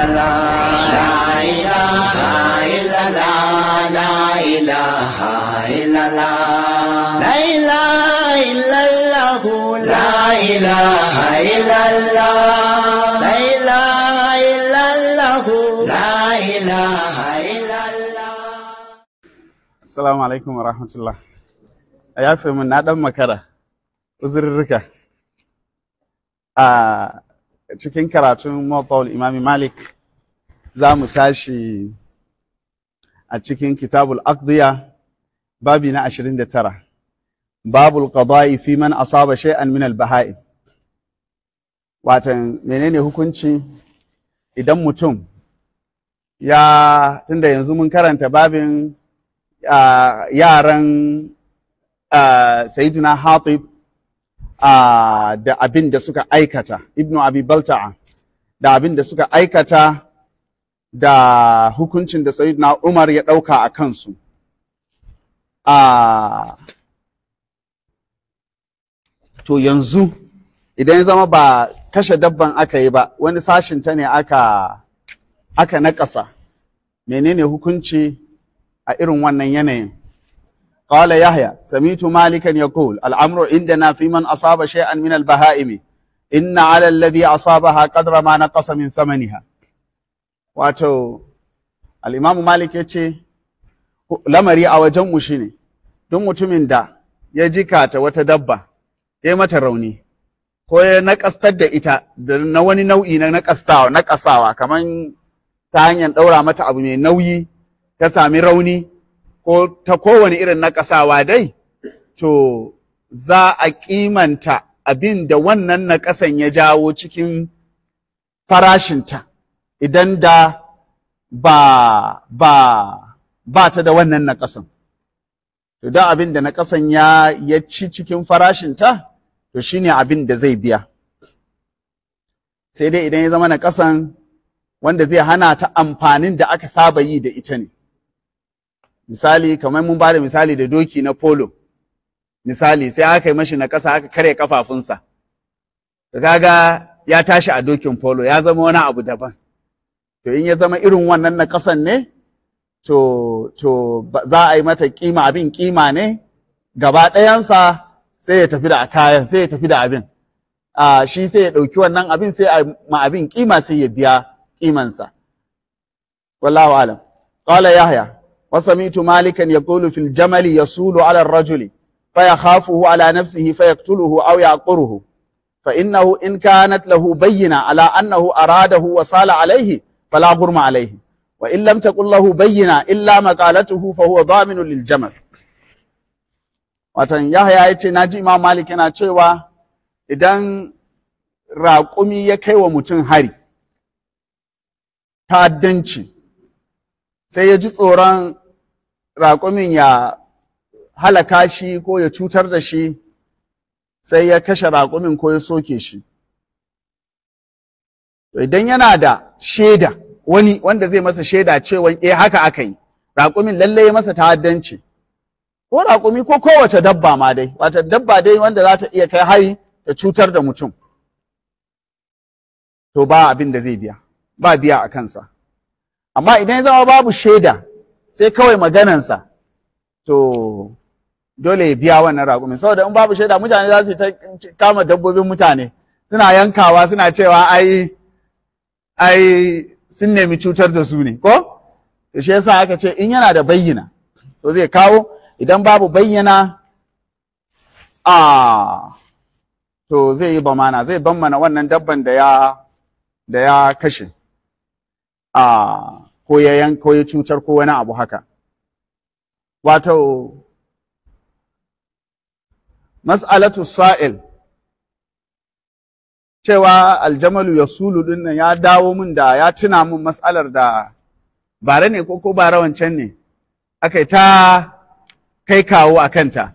لا إله إلا الله لا إله إلا الله لا إله إلا الله لا إله إلا الله السلام عليكم ورحمة الله أيها من النادم مكرة وزر الركا cikin karatun mawafawar imami malik za mu tashi a cikin kitabul aqdiya babi na 29 babul qada'i fi man asaba shay'an min al-baha'i watan menene hukunci idan mutum ya tunda yanzu mun karanta babin yaran sayyidina hatib da abin da suka aikata ibnu abi balta'a da abin da suka aikata da hukuncin da sayyidina umar ya ɗauka a kansu to yanzu idan ya zama ba kashe dabban aka yi ba wani sashin ta ne aka aka naƙasa menene hukunci a irin wannan yanayin قال يحيى سميت مالكا يقول الأمر عندنا في من أصاب شيئا من البهائم إن على الذي أصابها قدر ما نقص من ثمنها واتو الإمام مالك يتشي لمري أو جمشيني دم تمن دا يجيكات وتدبا يما تروني ko nakastar da ita na wani nau'i na nakastawa nakasawa kaman ta hanyar daura mata abu mai nauyi ta sami rauni ko ta kowane irin wa dai to za a kimanta abin da wannan naƙasan ya jawo cikin farashinta idan da ba ba ba ta da wannan na naƙasan to da abin da naƙasan ya ya ci cikin farashinta to shine abin da zai biya sai dai idan ya zama na naƙasan wanda zai hana ta amfanin da aka saba yi da ita ne misali kamar mun bada misali da doki na polo misali sai aka yi mashi na ƙasa aka karya kafafunsa kaga ya tashi a dokin polo ya zama wani abu daban to in ya zama irin wannan na ƙasan ne to to za a yi mata kima abin kima ne gaba ɗayansa sai ya tafi da kayan sai ya tafi da abin a shi sai ya ɗauki wannan abin sai ma abin kima sai ya biya kimansa wallahu alam qala yahya وسمعت مالكا يقول في الجمل يسول على الرجل فيخافه على نفسه فيقتله أو يعقره فإنه إن كانت له بينة على أنه أراده وصال عليه فلا غرم عليه وإن لم تكن له بينة إلا مقالته فهو ضامن للجمل watan Yahaya ya ce na ji Imam Malik yana cewa idan raƙumi ya kai wa mutum hari ta'addanci sai ya ji tsoron raƙumin ya halaka shi ko ya cutar da shi sai ya kashe raƙumin ko ya soke shi. Idan yana da shaida wani wanda zai masa shaida cewa e eh, haka aka yi, raƙumin lallai ya masa ta'addanci. Ko raƙumi ko kowace dabba ma dai, wata dabba dai wanda za ta iya kai hari ta cutar da mutum. To ba abin da zai biya, ba biya a kansa. Amma idan ya zama babu shaida sai kawai maganansa to dole ya biya wannan raƙumin saboda in babu shaida mutane za su kama dabbobin mutane suna yankawa suna cewa ai ai sun nemi cutar da su ne ko to shi yasa aka ce in yana da bayyana to zai kawo idan babu bayyana a to zai yi bamana zai bammana wannan dabban da ya da ya kashe a ko ya yanko ya cutar ko wani abu haka wato mas'alatu sa'il cewa aljamalu ya sulu din ya dawo min da ya tuna min mas'alar da bare ne ko ko bara wancan ne aka ta kai kawo a kanta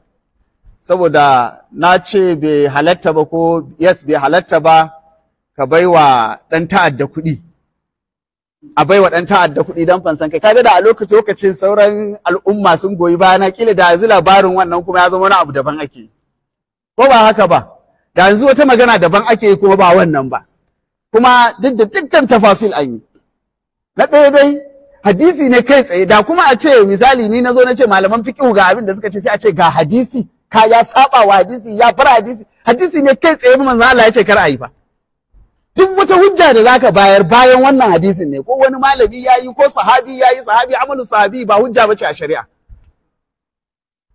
saboda na ce bai halatta ba ko yes bai halatta ba ka bai wa ɗan ta'adda kuɗi a bai wa ɗan ta'adda kuɗi don fansan kai kaga da a lokacin lokacin sauran al'umma sun goyi na? kila da yanzu labarin wannan kuma ya zama wani abu daban ake ko ba haka ba da yanzu wata magana daban ake yi kuma ba wannan ba kuma duk da dukkan tafasil an yi na ɗaya dai hadisi ne kai tsaye da kuma a ce misali ni nazo na ce malaman fiqhu ga abin da suka ce sai a ce ga hadisi ka ya saba wa hadisi ya fara hadisi hadisi ne kai tsaye manzo Allah ya ce kar a yi ba duk wata hujja da zaka bayar bayan wannan hadisin ne ko wani malami ya yi, ko sahabi ya yi. sahabi amalu sahabi ba hujja ba ce a shari'a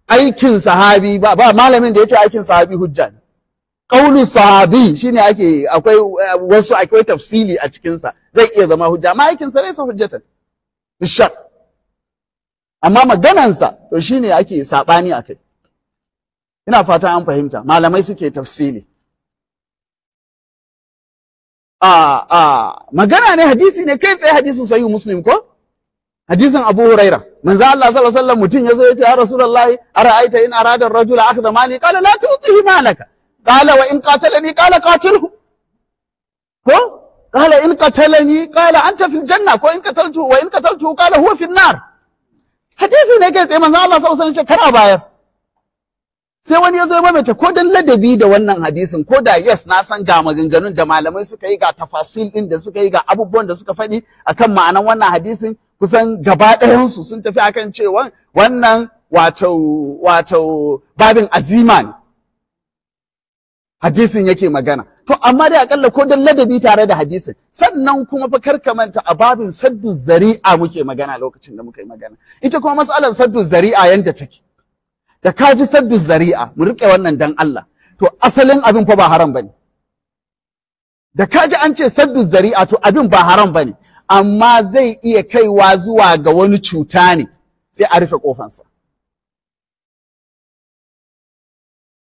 aikin sahabi ba ba malamin da ya ce aikin sahabi hujja ne kaulu sahabi shine ake akwai wasu akwai tafsili a cikin sa zai iya zama hujja amma aikin sa laysa hujjatan amma maganansa to shine ake sabani kai. ina fata an fahimta malamai suke tafsili a a magana ne hadisi ne kai tsaye hadisin sahihu muslim ko hadisin abu huraira manzo Allah sallallahu alaihi wasallam mutum yazo yace ya rasulullahi ara'aita in arada ar-rajulu akhdha mali qala la tu'tihi malaka qala wa in qatalani qala qatilhu ko qala in qatalani qala anta fil janna ko in qataltu wa in qataltu qala huwa fil nar hadisi ne kai tsaye manzo Allah sallallahu alaihi wasallam kar a bayar sai wani ya zo ya mamaita ko dan ladabi da wannan hadisin ko da yes na san ga maganganun da malamai suka yi ga tafasil din da suka yi ga abubuwan da suka faɗi akan ma'anan wannan hadisin kusan gaba ɗayansu sun tafi akan cewa wannan wato wato babin azima ne hadisin yake magana to amma dai akalla ko dan ladabi tare da hadisin sannan kuma fa karkamanta a babin saddu zari'a muke magana lokacin da muka yi magana ita kuma mas'alar saddu zari'a yanda take da ka ji saddu zari'a mu riƙe wannan dan Allah to asalin abin fa ba haram bane da ka ji an ce saddu zari'a to abin ba haram bane amma zai iya kaiwa zuwa ga wani cuta ne sai a rufe kofansa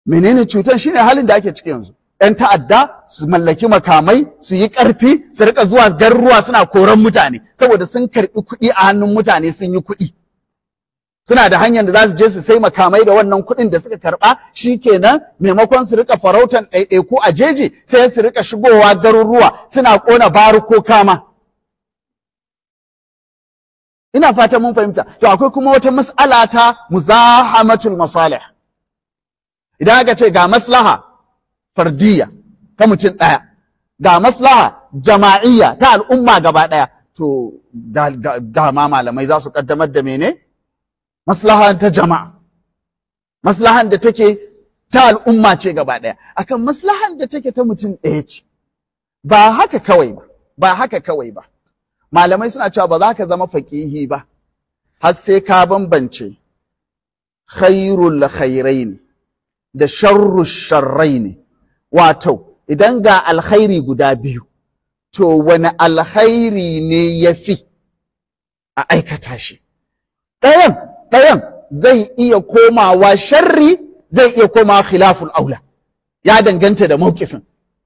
menene cutan shine halin da ake ciki yanzu ‘yan ta'adda su mallaki makamai su yi ƙarfi su rika zuwa garuruwa suna koran mutane saboda sun karɓi kuɗi a hannun mutane sun yi kuɗi suna da hanyar da za su je su sai makamai da wannan kuɗin da suka karɓa shi kenan maimakon su rika farautan ɗaiɗaiku a jeji sai su rika shigowa garuruwa suna ƙona baru ko kama ina fata mun fahimta to akwai kuma wata mas'ala ta muzahamatul masalih idan aka ce ga maslaha fardiyya ta mutum ɗaya ga maslaha jama'iyya ta al'umma gaba ɗaya to dama malamai za su kaddamar da mene maslaha ta jama'a maslahan da take ta al'umma ce gaba ɗaya akan maslahan da take ta mutum ɗaya ce ba haka kawai ba ba haka kawai ba malamai suna cewa ba za ka zama faƙihi ba har sai ka bambance khairul khairain da sharru sharrain wato idan ga alkhairi guda biyu to wani alkhairi ne ya fi a aikata shi ɗayan ɗayan zai iya komawa sharri zai iya komawa khilaful aula ya danganta da mawkifin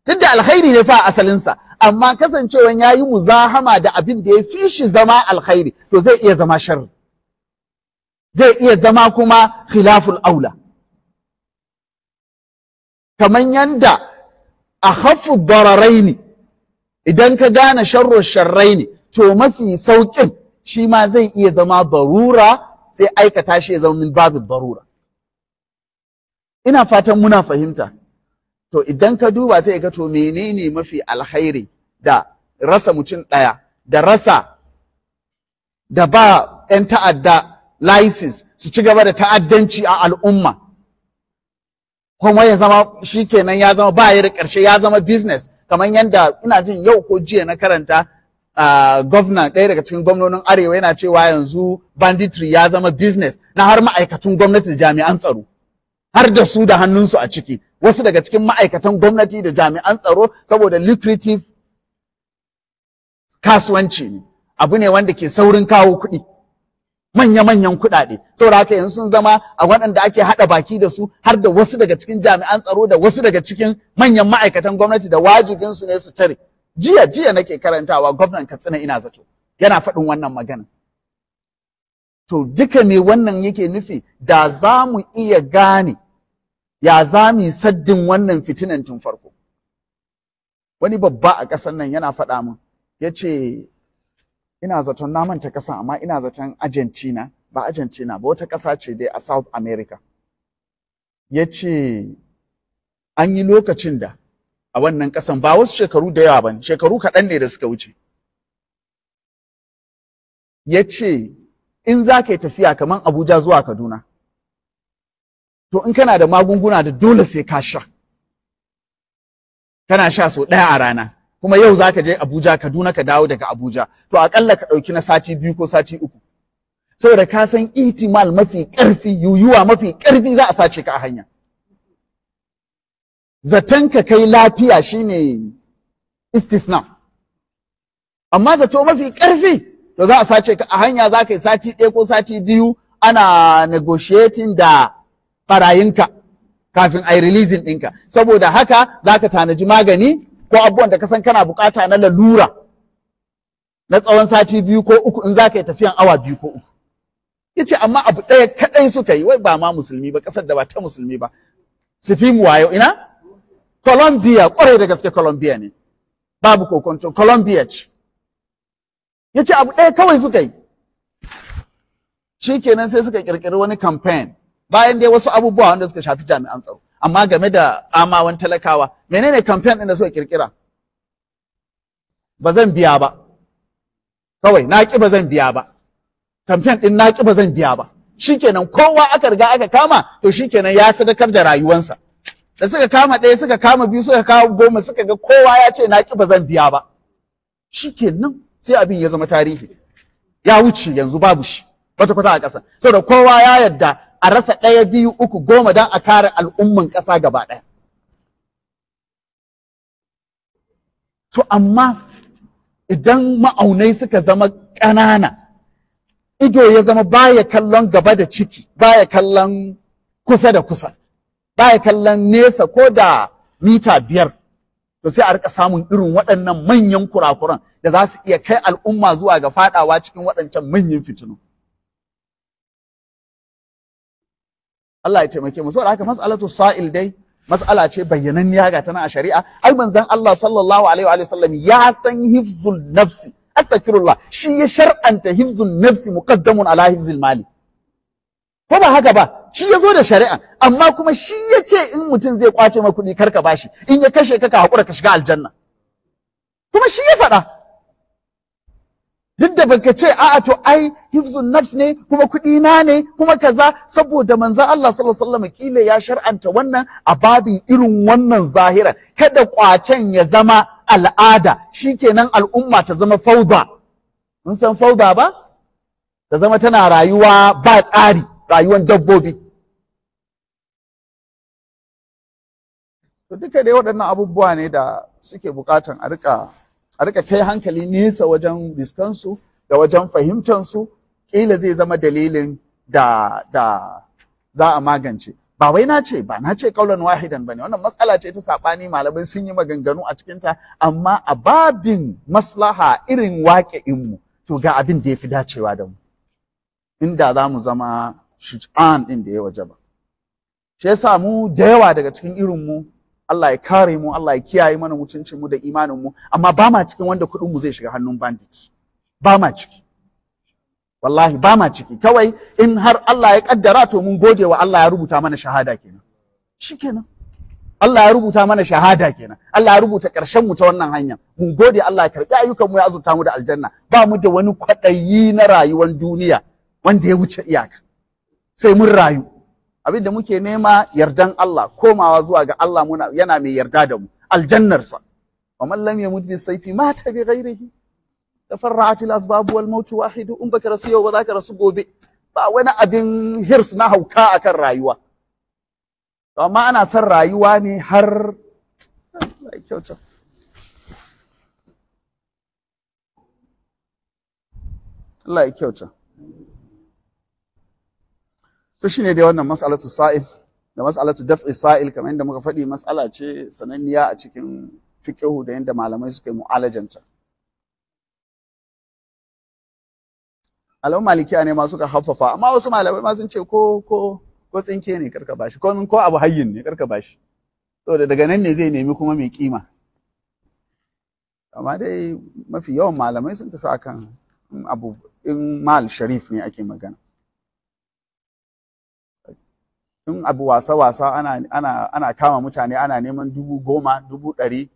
duk da alkhairi ne fa asalinsa amma kasancewan ya yi muzahama da abin da ya fi shi zama alkhairi to zai iya zama sharri zai iya zama kuma khilaful aula kamar yanda a hafu ne idan ka gane sharro sharrai ne to mafi sauƙin shi ma zai iya zama barura sai aikata shi ya zama min babu barura ina fatan muna fahimta to idan ka duba sai ka to menene mafi alkhairi da rasa mutum ɗaya da rasa da ba 'yan ta'adda license su ci gaba da ta'addanci a al'umma kuma ya zama shi kenan ya zama ba ya da ƙarshe ya zama business kamar yadda ina jin yau ko jiya na karanta Ah, gwamna ɗaya daga cikin gwamnonin arewa yana cewa yanzu banditry ya zama business na har ma'aikatan gwamnati da jami'an tsaro har da su da hannunsu a ciki wasu daga cikin ma'aikatan gwamnati da jami'an tsaro saboda lucrative kasuwanci ne abu ne wanda ke saurin kawo kuɗi manya-manyan kuɗaɗe saboda haka yanzu sun zama a waɗanda ake haɗa baki da su har da wasu daga cikin jami'an tsaro da wasu daga cikin manyan ma'aikatan gwamnati da wajibinsu ne su tare jiya jiya nake karantawa gwamnan Katsina ina zato yana faɗin wannan magana to duka me wannan yake nufi da za mu iya gane ya za mu saddin wannan fitinan tun farko wani babba a ƙasar nan yana faɗa min Yace ina zaton na manta ƙasa amma ina zaton Argentina ba Argentina ba wata ƙasa ce dai a South America Yace an yi lokacin da a wannan ƙasan ba wasu shekaru da yawa ba ne shekaru kaɗan ne da suka wuce ya ce in za ka yi tafiya kamar abuja zuwa kaduna to in kana da magunguna da dole sai ka sha kana sha sau ɗaya a rana kuma yau za ka je abuja kaduna ka dawo daga abuja to a aƙalla ka ɗauki na sati biyu ko sati uku saboda ka san itimal mafi ƙarfi yuyuwa mafi ƙarfi za a sace ka a hanya zaton ka kai lafiya shine istisna amma zato mafi ƙarfi to za a sace ka a hanya za ka yi sati ɗaya ko sati biyu ana negotiating da ɓarayinka kafin a yi releasing ɗinka saboda haka za ka tanaji magani ko abubuwan da ka san kana bukata na lalura na tsawon sati biyu ko uku in za ka yi tafiyan awa biyu ko uku ya ce amma abu ɗaya kaɗai suka yi wai ba ma musulmi ba ƙasar da ba ta musulmi ba su fi mu wayo ina Colombia ƙwarai da gaske Colombia ne babu kokonto Colombia ce yace abu ɗaya kawai suka yi shikenan sai suka kirkiri wani campaign bayan dai wasu abubuwa wanda suka shafi jami'an tsaro amma game da amawan talakawa menene campaign ɗin da suka kirkira ba biya ba kawai na ƙi ba zan biya ba kamfen ɗin na ƙi ba zan biya ba shikenan kowa aka riga aka kama to shikenan ya sadakar da rayuwansa da suka kama ɗaya suka kama biyu suka kama goma suka ga kowa ya ce na ƙi ba zan biya ba shi nan sai abin ya zama tarihi ya wuce yanzu babu shi wata kwata a ƙasa saboda kowa ya yarda a rasa ɗaya biyu uku goma don a kare al'umman ƙasa gaba ɗaya to amma idan ma'aunai suka zama ƙanana ido ya zama baya kallon gaba da ciki baya kallon kusa da kusa ba ya kallon nesa ko da mita biyar to sai a rika samun irin waɗannan manyan kurakuran da za su iya kai al'umma zuwa ga faɗawa cikin waɗancan manyan fitinu. Allah ya taimake mu saboda haka mas'alatu sa'il dai mas'ala ce bayyananniya ga tana a shari'a ai manzon Allah sallallahu alaihi wa sallam ya san hifzul nafsi astaghfirullah shi ya shar'anta hifzul nafsi muqaddamun ala hifzil mali ko ba haka ba shi ya zo da shari'a amma kuma shi ya ce in mutum zai kwace ma kuɗi karka bashi in ya kashe ka ka haƙura ka shiga aljanna kuma shi ya faɗa duk da baka ce a'a to ai hifzun nafs ne kuma kuɗi na ne kuma kaza saboda manzon Allah sallallahu alaihi wasallam kila ya shar'anta wannan a babin irin wannan zahira kada kwacen ya zama al'ada shikenan al'umma ta zama fauda mun san fauda ba ta zama tana rayuwa ba tsari rayuwar dabbobi to duka dai waɗannan abubuwa ne da suke buƙatan a rika kai hankali nesa wajen riskansu da wajen fahimtansu ƙila zai zama dalilin da da za a magance ba wai na ce ba na ce kaulan wahidan ba ne. wannan matsala ce ta saɓani malamai sun yi maganganu a cikinta amma a babin maslaha irin mu to ga abin da ya fi dacewa da mu inda za mu zama shuj'an ɗin da ya waje ba shi yasa mu da yawa daga cikin irinmu Allah ya kare mu Allah ya kiyaye mana mutuncin mu da imanin mu amma ba ma cikin wanda kuɗin mu zai shiga hannun bandit ba ma ciki wallahi ba ma ciki kawai in har Allah ya kaddara to mun gode wa Allah ya rubuta mana shahada kenan shikenan Allah ya rubuta mana shahada kenan Allah ya rubuta karshen mu ta wannan hanya mun gode Allah ya karbi ayyukan mu ya azurta mu da aljanna ba mu da wani kwaɗayi na rayuwar duniya wanda ya wuce iyaka sai mun rayu abin da muke nema yardan Allah komawa zuwa ga Allah muna yana mai yarda da mu aljannarsa wa man lam yamut bi sayfi mata bi ghairihi tafarra'at al asbab wal maut wahid in baka rasu yau ba zaka rasu gobe ba wani abin hirs na hauka akan rayuwa amma ana son rayuwa ne har kyauta Allah ya kyauta to shine dai wannan mas'alatu sa'il da mas'alatu daf'i sa'il kamar yadda muka faɗi mas'ala ce sananniya a cikin fiqhu da yadda malamai suke mu'alajanta alamun malikiya ne ma suka haffafa amma wasu malamai ma sun ce ko ko ko tsinke ne karka bashi ko ko abu hayyin ne karka bashi saboda daga nan ne zai nemi kuma mai kima amma dai mafi yawan malamai sun tafi akan abu in mal sharif ne ake magana in abu wasa-wasa ana, ana, ana kama mutane ana neman dubu goma dubu ɗari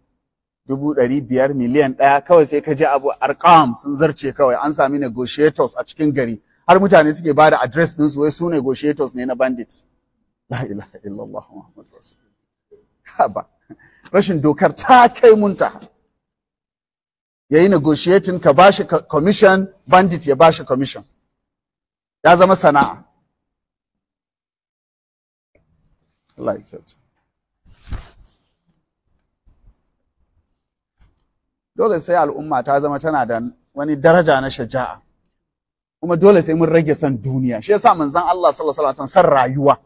dubu ɗari biyar miliyan ɗaya kawai sai ka je abu arkam sun zarce kawai an sami negotiators a cikin gari har mutane suke ba da address din su wai su negotiators ne na bandits la ilaha illallah muhammadu rasulullah rashin dokar ta kai munta ya yi negotiating ka bashi commission bandit ya bashi commission ya zama sana'a like ya dole sai al'umma ta zama tana da wani daraja na shaja'a kuma dole sai mun rage son duniya shi yasa manzan Allah sallallahu alaihi wasallam san rayuwa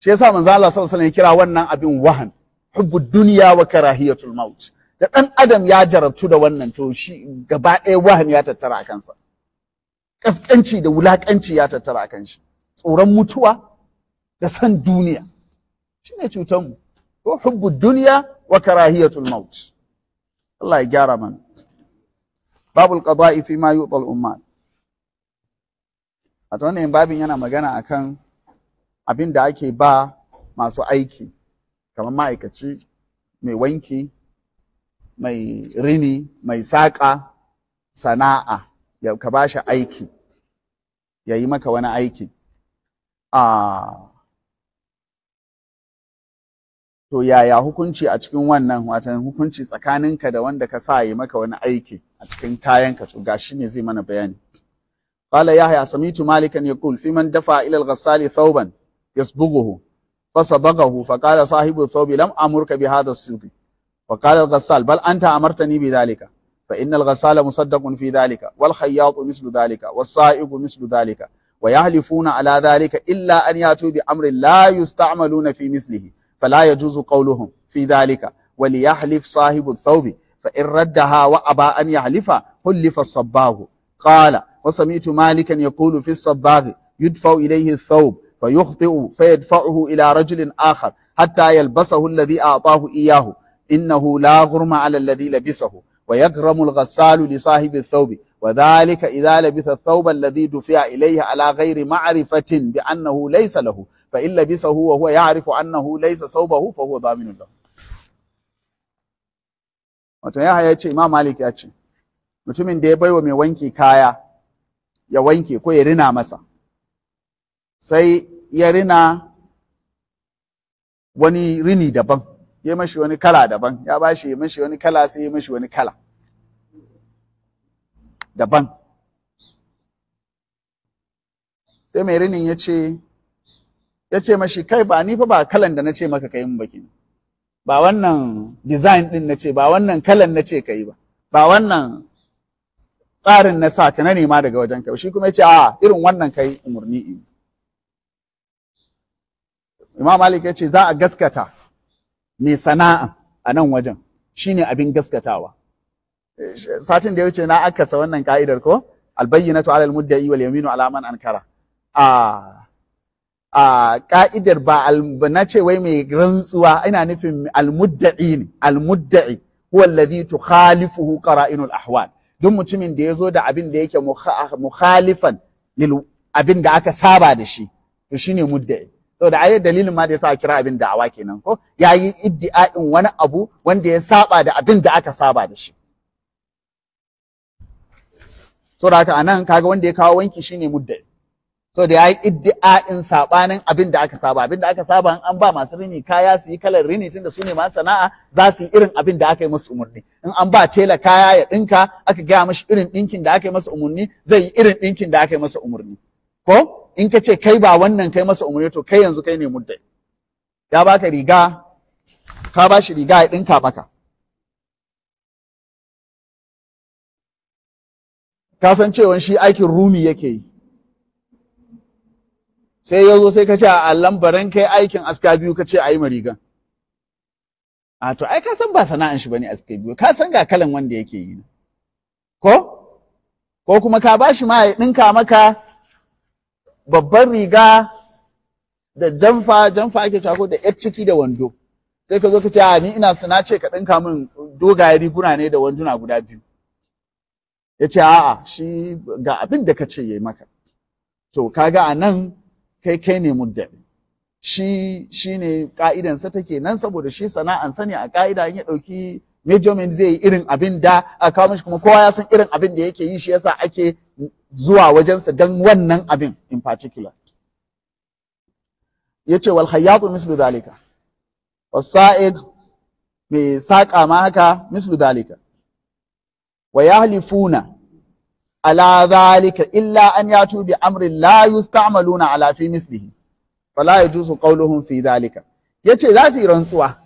shi yasa manzan Allah sallallahu alaihi wasallam ya kira wannan abin wahan hubbud duniya wa karahiyatul maut da ɗan adam ya jarabtu da wannan to shi gaba ɗaya wahan ya tattara a kansa ƙasƙanci da wulaƙanci ya tattara a kan shi tsoron mutuwa da san duniya shine cutar mu ko hubbu duniya wa karahiyatul maut Allah ya gyara mana babul qada'i fi ma yu'tal ummat a wannan babin yana magana akan abin da ake ba masu aiki kamar ma'aikaci mai wanki mai rini mai saƙa sana'a ya ka ba shi aiki ya yi maka wani aiki a ah, to yaya hukunci a cikin wannan watan hukunci tsakaninka da wanda ka sa yi maka wani aiki a cikin kayanka to gashi ne zai mana bayani qala yahya samitu malikan yaqul fi man dafa ila al-ghassali thawban yasbughu fa sabaghu fa qala sahibu thawbi lam amurka bi hadha as-sidq sibi qala al-ghassal bal anta amartani bi dhalika fa inna al-ghassala musaddaqun fi dhalika wal khayyatu mislu dhalika was sa'iqu mislu dhalika ويحلفون على ذلك إلا أن يأتوا بأمر لا يستعملون في مثله فلا يجوز قولهم في ذلك وليحلف صاحب الثوب فإن ردها وأبى أن يحلف حلف الصباغ قال وسمعت مالكا يقول في الصباغ يدفع إليه الثوب فيخطئ فيدفعه إلى رجل آخر حتى يلبسه الذي أعطاه إياه إنه لا غرم على الذي لبسه ويغرم الغسال لصاحب الثوب وذلك إذا لبث الثوب الذي دفع إليه على غير معرفة بأنه ليس له fa illa bisahu wa huwa ya'rifu annahu ba hu fa huwa wato Yahaya ya ce Imam Malik ya ce mutumin da ya baiwa mai wanke kaya ya wanke ko ya rina masa sai ya rina wani rini daban ya mashi wani kala daban ya ba shi mashi wani kala sai ya mashi wani kala daban sai mai rinin ya ce ya ce mashi kai ba ni fa ba kalan da na ce maka kai min baki ba wannan design din na ce ba wannan kalan na ce kai ba ba wannan tsarin na sa ka na nema daga wajen ka shi kuma ya ce a irin wannan kai umurni in Imam Malik ya ce za a gaskata mai sana'a a nan wajen shine abin gaskatawa satin da ya wuce na akasa wannan ka'idar ko albayyinatu alal mudda'i wal yaminu ala man ankara a ah, a ka'idar ba na ce wai mai rantsuwa ina nufin almudda'i ne almudda'i huwa alladhi tukhalifuhu qara'inul ahwal duk mutumin da ya zo da abin da yake mukhalifan lil abin da aka saba da shi to shine mudda'i da ai dalilin ma da yasa kira abin awa kenan ko yayi iddi'a'in wani abu wanda ya saba da abin da aka saba da shi saboda haka anan kaga wanda ya kawo wanki shine mudda'i so da yayi iddi'a'in sabanin abin da aka saba abin da aka saba an ba masu rini kaya su yi kalar rini tunda su ne masu sana'a za su yi irin abin da aka yi musu umarni in an ba tela kaya ya dinka aka gaya mashi irin dinkin da aka yi masa umarni zai yi irin dinkin da aka yi masa umarni ko in ka ce kai ba wannan kai masa umarni to kai yanzu kai ne muddai ya baka riga ka ba shi riga ya dinka baka ka cewa shi aikin rumi yake yi sai ya zo sai ka ce a allon baran kai aikin aska biyu ka ce a yi marigan a to ai ka san ba sana'an shi ba bane aska biyu ka san ga kalan wanda yake yi ko ko kuma ka bashi ma ya ɗinka maka babban riga da jamfa jamfa ake cako da yar ciki da wando sai ka zo ka ce a ni ina sana ce ka ɗinka min dogaye riguna ne da wanduna guda biyu ya ce a'a shi ga abin da ka ce yi maka to ka ga a nan kai kai ne mudda'i shi shine ka'idansa take nan saboda shi sana'ansa ne a ka'ida in ya ɗauki measurement zai yi irin abin da a kawo mishi kuma kowa ya san irin abin da yake yi shi yasa ake zuwa wajensa don wannan abin in particular yace wal khayyatu mislu dalika wasa'id mai saƙa ma haka mislu dalika wa yahlifuna ala zalika illa an yatu bi amrin la yusta'maluna ala fi mislihi fala yajuzu qawluhum fi zalika yace za su yi rantsuwa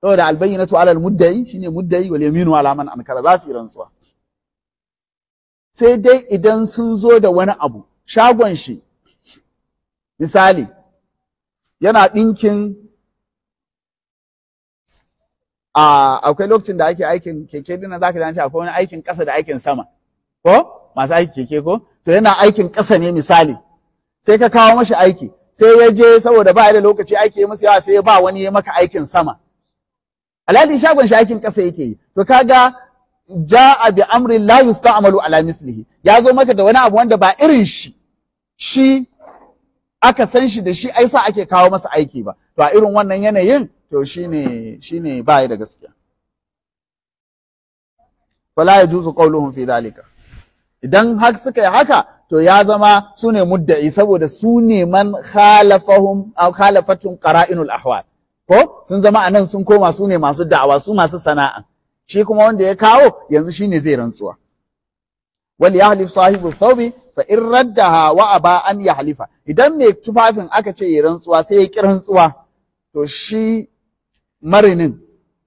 saboda albayyinatu ala almudda'i shine mudda'i wal yaminu ala man ankara za su yi rantsuwa sai dai idan sun zo da wani abu shagon shi misali yana ɗinkin akwai lokacin da ake aikin keke dinan zaka ji an ce akwai wani aikin ƙasa da aikin sama ko masu aiki keke ko to yana aikin ƙasa ne misali sai ka kawo mashi aiki sai ya je saboda ba da lokaci aiki ya masu yawa sai ya ba wani ya maka aikin sama alhali shagon shi aikin ƙasa yake yi to kaga ja'a bi amrin la yusta'malu ala mislihi ya zo maka da wani abu wanda ba irin shi shi aka san shi da shi ai sa ake kawo masa aiki ba to a irin wannan yanayin to shine shine ba da gaskiya fala yajuzu qawluhum fi dhalika idan har suka yi haka to ya zama su ne mudda'i saboda su ne man khalafahum aw khalafatun qara'inul ahwal ko sun zama anan sun koma su ne masu da'awa su masu sana'a shi kuma wanda ya kawo yanzu shine zai rantsuwa wal yahlif sahibu thawbi fa in raddaha wa aba an yahlifa idan mai tufafin aka ce ya rantsuwa sai ya ki rantsuwa to shi marinin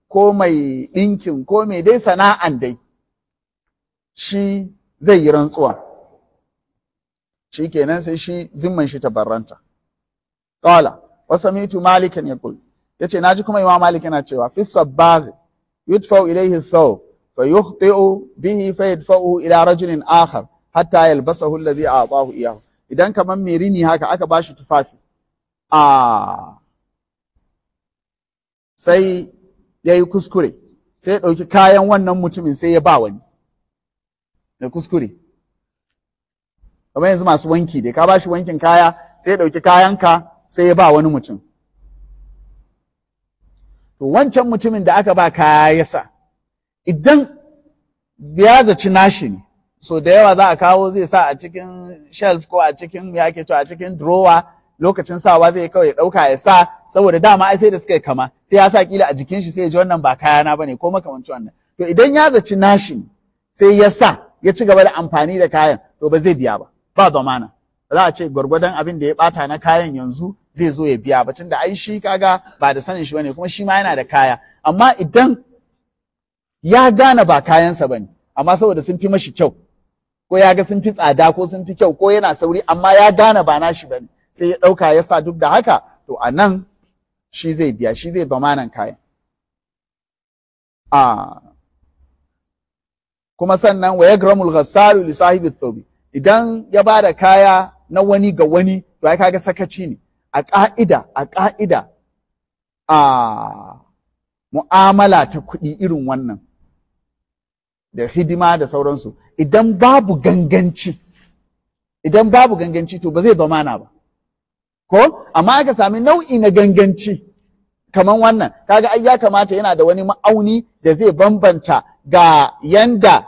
ko mai ɗinkin ko mai dai sana'an dai shi zai yi rantsuwa Shi kenan sai shi zimman shi tabarranta qala wa samitu malikan yaqul yace naji kuma imam malik yana cewa fi sabbagh yudfa ilayhi thaw fa yukhti'u bihi fa yadfa'u ila rajulin akhar hatta yalbasahu alladhi a'tahu iyahu idan kaman merini haka aka bashi tufafi a sai yayi kuskure sai ya ɗauki kayan wannan mutumin sai ya ba wani da kuskure kamar yanzu masu wanki dai ka ba shi wankin kaya sai ya ɗauki kayanka sai ya ba wani mutum to wancan mutumin da aka ba kaya ya sa idan ya zaci nashi ne so da yawa za a kawo zai sa a cikin shelf ko a cikin ya ke a cikin durowa lokacin sawa zai kawai ɗauka ya sa saboda dama ai sai da suka yi kama sai ya sa kila a jikin shi sai ya ji wannan ba kaya kayana bane ko makamancin wannan to idan ya zaci nashi sai ya sa ya ci gaba da amfani da kayan to ba zai biya ba ba zamana za a ce gwargwadon abin da ya bata na kayan yanzu zai zo ya biya ba tunda ai shi kaga ba da sanin shi bane kuma shi ma yana da kaya amma idan ya gane ba kayansa bane amma saboda sun fi mashi kyau ko ya ga sun fi tsada ko sun fi kyau ko yana sauri amma ya gane ba na shi bane sai ya dauka ya sa duk da haka to a nan shi zai biya shi zai zamanan kayan ah. kuma sannan wa gramul ghassalu li sahibi thawbi idan ya bada kaya na wani ga wani to ai kaga sakaci ne a ka'ida a ka'ida a mu'amala ta kuɗi irin wannan da hidima da sauransu idan babu ganganci idan babu ganganci to ba zai mana ba ko amma aka sami nau'i na ganganci Kamar wannan kaga ai ya kamata yana da wani ma'auni da zai bambanta ga yanda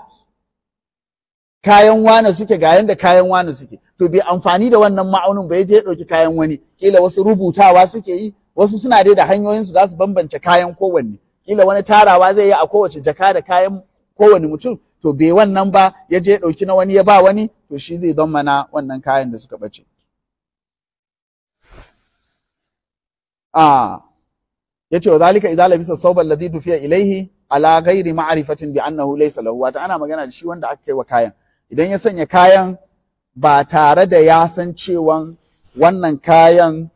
kayan wane suke ga yanda kayan wane suke to bi amfani da wannan ma'aunin ba ya je ɗauki kayan wani kila wasu rubutawa suke yi wasu suna dai da hanyoyin su zasu bambance kayan kowanne kila wani tarawa zai yi a kowace jaka da kayan kowanne mutum to bai wannan ba ya je ɗauki na wani ya ba wani to shi zai don mana wannan kayan da suka bace Ah, yace wa zalika idza labisa sauban ladhi dufiya ilaihi ala ghairi ma'rifatin bi annahu laysa lahu wata ana magana da shi wanda aka kai wa kayan idan ya sanya kayan ba tare da ya san cewan wannan kayan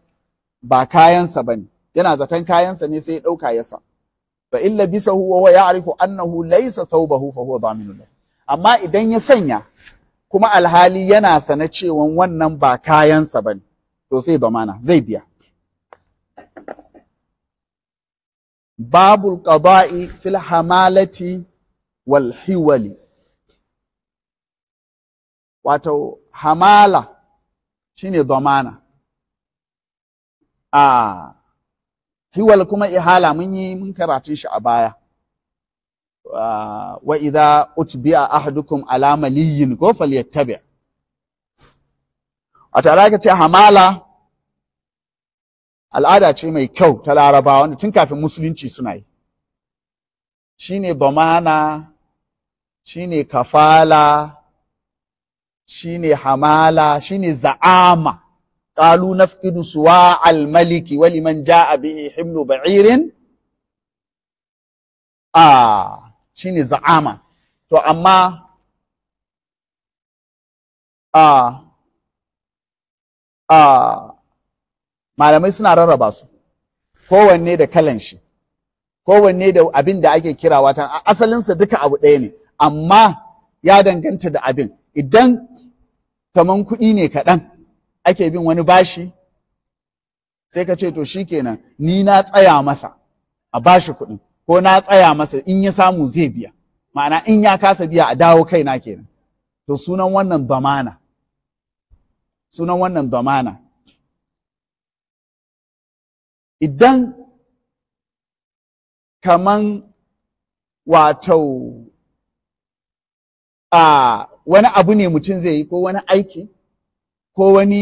ba kayansa bane yana zaton kayansa ne sai ya dauka ya sa fa in labisahu wa ya'rifu annahu laysa thawbahu fa huwa dhaminun amma idan ya sanya kuma alhali yana sana cewan wannan ba kayansa bane to sai zamana zai biya babul ƙaba'i fil hamalati wal hiwali wato hamala shine domana a hiwal kuma ihala mun yi mun karatun shi a baya wa idza utbi'a ahadukum ala maliyin ko falyattabi' a tare ka ce hamala al'ada ce mai kyau ta laraba wanda tun kafin musulunci suna yi shine bamana shine kafala shine hamala shine za'ama qalu nafqidu suwa al-maliki wa liman ja'a bihi himlu ba'irin a shine za'ama to amma a a malamai suna rarraba su kowanne da kalan shi kowanne da abin da ake kira watan asalinsa duka abu ɗaya ne amma ya danganta da abin idan kaman kuɗi ne kaɗan ake bin wani bashi sai ka ce to kenan ni na tsaya masa a bashi kuɗin ko na tsaya masa in ya samu zai biya ma'ana in ya kasa biya a dawo kaina kenan to sunan wannan bamana. sunan wannan bamana idan kaman wato a wani abu ne mutum zai yi ko wani aiki ko wani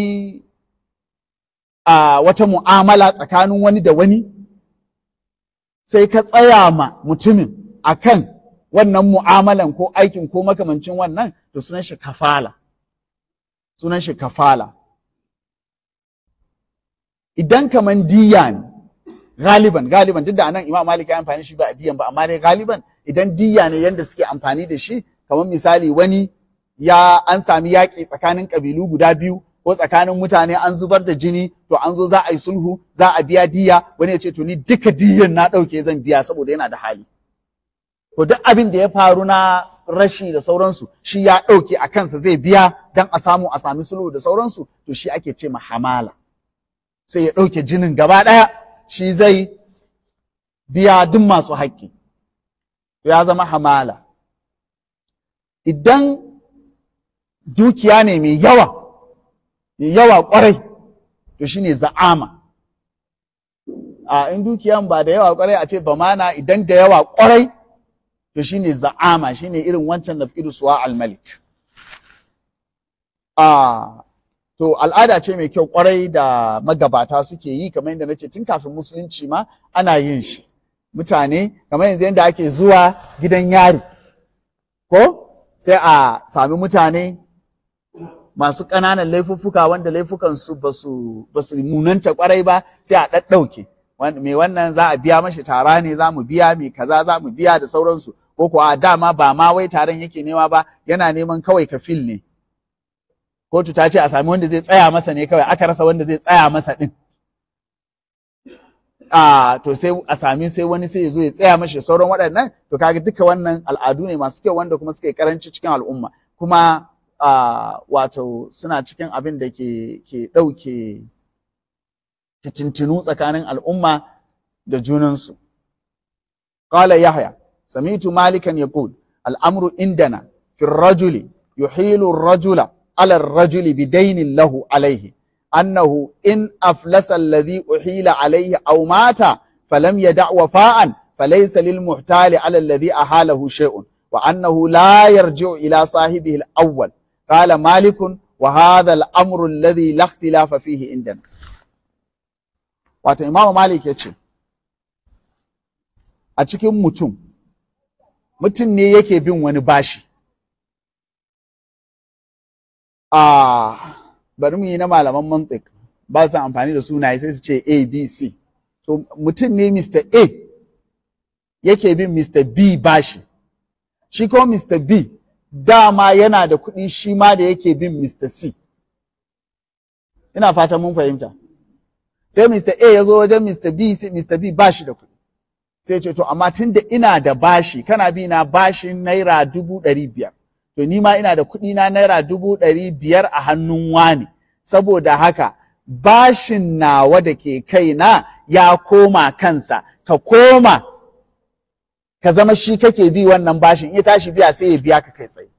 a wata mu'amala tsakanin wani da wani sai ka tsaya ma mutumin akan wannan mu'amalan ko aikin ko makamancin wannan da sunan shi kafala sunan shi kafala idan kaman diya ne galiban galiban duk da anan imam malik ya amfani shi ba a diyan ba amma dai galiban idan diyya ne yanda suke amfani da shi kamar misali wani ya an sami yaƙi tsakanin kabilu guda biyu ko tsakanin mutane an zubar da jini to an zo za a yi sulhu za a biya diyya, wani ya ce to ni duka diyyan na ɗauke zan biya saboda yana da hali to duk abin da ya faru na rashi da sauransu shi ya ɗauke a kansa zai biya don a samu a sami sulhu da sauransu to shi ake ce ma hamala sai ya ɗauke jinin gaba ɗaya shi zai biya duk masu haƙƙi ya zama hamala idan dukiya ne mai yawa mai yawa ƙwarai to shine za'ama a in dukiyan ba da yawa ƙwarai a ce zamana idan da yawa ƙwarai to shine za'ama shine irin wancan fi suwa al-malik To al'ada ce mai kyau kwarai da magabata suke yi kamar yadda nace tun kafin musulunci ma ana yin shi. Mutane kamar yanzu yadda ake zuwa gidan yari. Ko sai a sami mutane masu ƙananan laifuffuka wanda laifukansu ba su munanta kwarai ba sai a ɗaɗɗauke. Mai wannan za a biya mashi tara ne za mu biya mai kaza za mu biya da sauransu ko kuwa dama ba ma wai taron yake nema ba yana neman kawai kafil ne. kotu ta ce a sami wanda zai tsaya masa ne kawai aka rasa wanda zai tsaya masa din a to sai a sami sai wani sai ya zo ya tsaya mashi sauran waɗannan to kaga duka wannan al'adu ne masu kyau wanda kuma suke karanci cikin al'umma kuma a wato suna cikin abin da ke ke ɗauke titintinu tsakanin al'umma da junansu qala yahya samitu malikan yaqul al'amru indana fi rajuli yuhilu rajula ala rajuli bidainin lahu alaihi annahu in aflasa alladhi uhila alaihi aw mata falam yada' wafa'an falaysa lil muhtali ala alladhi ahalahu shay'un wa annahu la yarji'u ila sahibihi al-awwal malikun wa hadha al-amru fihi wato imamu malik yace a cikin mutum mutum ne yake bin wani bashi a bari mu yi na malaman mantik ba su amfani da sunaye sai su ce A B C to mutum ne Mr A yake bin Mr B bashi shi ko Mr B dama yana da kuɗi shi ma da yake bin Mr C ina fatan mun fahimta sai Mr A ya zo wajen Mr B sai Mr B bashi da kuɗi sai ce to amma tun da ina da bashi kana bi na bashin naira dubu ɗari biyar to ni ma ina da kuɗi na naira dubu ɗari biyar a hannun wani saboda haka bashin nawa da ke kaina ya koma kansa ka koma ka zama shi kake bi wannan bashin ya tashi biya sai ya biya ka kai tsaye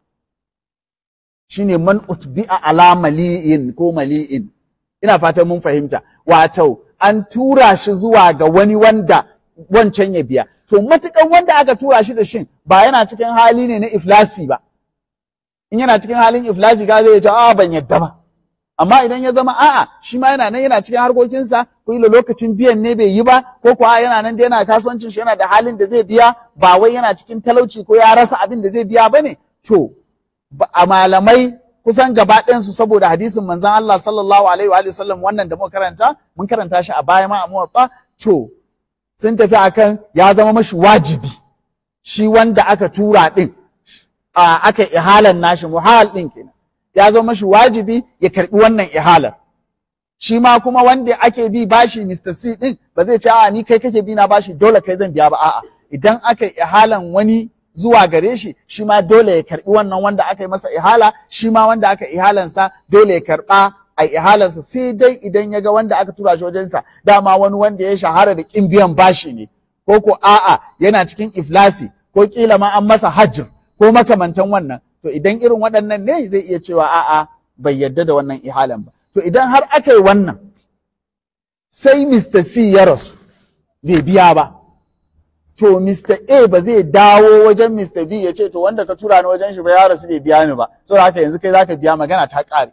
shine man utbi'a ala mali'in ko mali'in ina fatan mun fahimta wato an tura shi zuwa ga wani wanda wancan ya biya to matukan wanda aka tura shi da shin ba yana cikin hali ne na iflasi ba in yana cikin halin iflasi ka zai ce a ban yadda ba amma idan ya zama a'a shi ma yana nan yana cikin harkokinsa ko ila lokacin biyan ne bai yi ba ko kuwa yana nan da yana kasuwancin shi yana da halin da zai biya ba wai yana cikin talauci ko ya rasa abin da zai biya ba ne? to a malamai kusan gaba su saboda hadisin manzon Allah sallallahu alaihi wa sallam wannan da muka karanta mun karanta shi a baya ma a muwatta to sun tafi akan ya zama mashi wajibi shi wanda aka tura din aka ihalan nashi muhal din kenan ya zama mashi wajibi ya karbi wannan ihalar shi ma kuma wanda ake bi bashi Mr. C din ba zai ce a ni kai kake bi na bashi dole kai zan biya ba a'a idan aka ihalan wani zuwa gare shi shi ma dole ya karbi wannan wanda aka masa ihala shi ma wanda aka ihalan sa dole ya karba a sa sai dai idan ya ga wanda aka tura shi wajen sa dama wani wanda ya shahara da kin biyan bashi ne ko ko a'a yana cikin iflasi ko kila ma an masa hajjin ko makamantan wannan to idan irin waɗannan ne zai iya cewa a'a bai yadda da wannan ihalan ba to idan har aka yi wannan sai Mr. C ya rasu bai biya ba to Mr. A ba zai dawo wajen Mr. B ya ce to wanda ka tura ni wajen shi ba ya rasu bai biya ni ba saboda haka yanzu kai zaka biya magana ta ƙare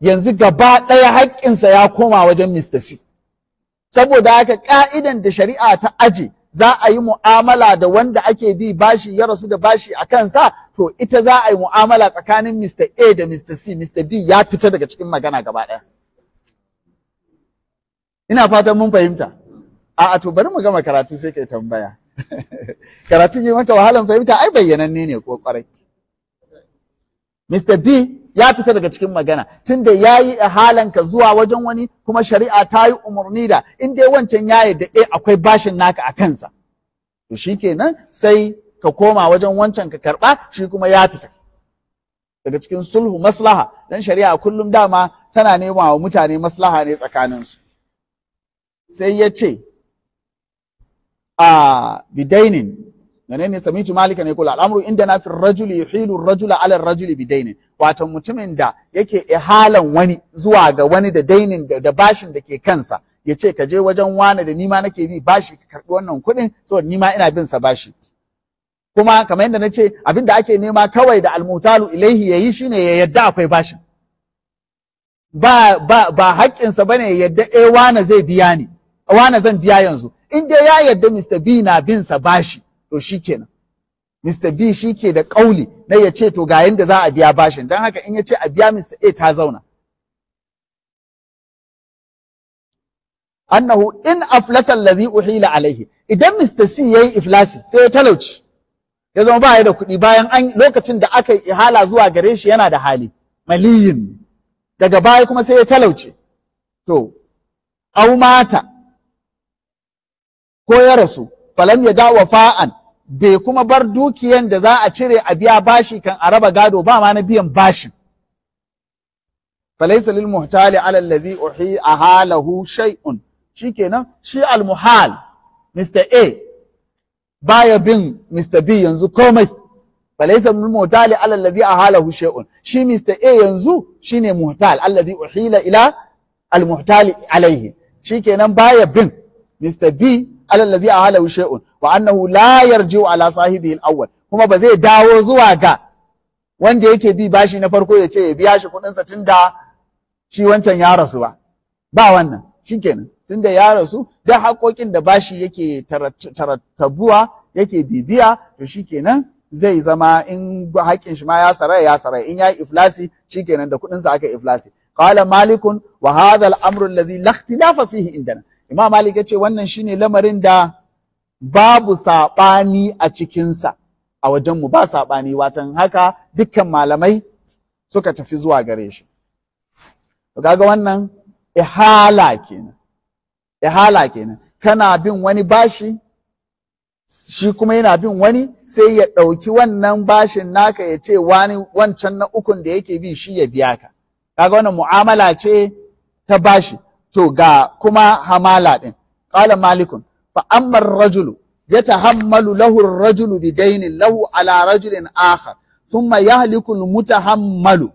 yanzu gaba ɗaya haƙƙinsa ya koma wajen Mr. C. Saboda haka ƙa'idan da shari'a ta aje za a yi mu'amala da wanda ake bi bashi ya rasu da bashi a kansa to ita za a yi mu'amala tsakanin Mr. A da Mr. C Mr. B ya fita daga cikin magana gaba ɗaya ina fatan mun fahimta a'a to bari mu gama karatu sai kai tambaya Karatu ne maka wahalan fahimta ai bayyananne ne ko kwarai Mr. B ya fita daga cikin magana tunda ya yi halanka zuwa wajen wani kuma shari'a ta yi umarni da in dai wancan ya yarda eh akwai bashin naka a kansa to shi kenan sai ka koma wajen wancan ka karɓa, shi kuma ya fita daga cikin sulhu maslaha don shari'a kullum dama tana nema wa mutane maslaha ne tsakaninsu sai ya ce a ah, bidainin ne samitu malika ne kula al'amru inda na fi rajuli yuhilu rajula ala rajuli bi daini wato mutumin da yake ihalan wani zuwa ga wani da dainin da bashin da ke kansa ya ce ka je wajen wane da nima nake bi bashi ka karbi wannan kuɗin saboda nima ina bin sa bashi kuma kamar yadda na ce abin ake nema kawai da almutalu ilaihi yayi shine ya yadda akwai bashin ba ba ba haƙƙinsa bane ya yadda eh wane zai biya ni wane zan biya yanzu in dai ya yadda Mr. B na bin sa bashi to shikenan Mr. B shi ke da ƙauli na ya ce to ga yadda za a biya bashin don haka in ya ce a biya Mr. A ta zauna. Annahu in aflasan lazi uhila alaihi idan Mr. C ya yi iflasi sai ya talauci ya zama ba ya da kuɗi bayan an lokacin da aka yi ihala zuwa gare shi yana da hali maliyin daga baya kuma sai ya talauci. to au mata ko ya rasu falam ya da wafa'an bai kuma bar dukiyan da za a cire a biya bashi kan a raba gado ba ma na biyan bashin falaisa lil muhtali ala allazi uhi ahalahu shay'un shikenan shi al muhal Mr A baya bin Mr B yanzu komai falaisa lil muhtali ala allazi ahalahu shay'un shi Mr A yanzu shine muhtal allazi uhila ila al muhtali alaihi shikenan baya bin Mr B alal ladhi ahalahu shay'un wa annahu la ala sahibihi al-awwal kuma ba zai dawo zuwa ga wanda yake bi bashi na farko ya ce ya biya shi kuɗinsa sa tunda shi wancan ya rasu ba ba wannan shikenan tunda ya rasu da haƙoƙin da bashi yake tarattabuwa yake bibiya to shikenan zai zama in haƙƙin shi ma ya saraya ya saraya in ya yi iflasi shikenan da kuɗin sa aka iflasi qala malikun wa hadha al-amru alladhi la ikhtilafa fihi indana imam malik ya ce wannan shine lamarin da babu saɓani a cikinsa a wajenmu ba saɓani watan haka dukkan malamai suka tafi zuwa gare shi kaga wannan ihala kenan ihala kenan kana bin wani bashi shi kuma yana bin wani sai ya ɗauki wannan bashin naka ya ce wani wancan na ukun da yake bi shi ya biya ka kaga wannan mu'amala ce ta bashi to ga kuma hamala din qala malikun fa rajulu yatahammalu lahu ar-rajulu dainin, lahu ala rajulin akhar thumma yahliku al-mutahammalu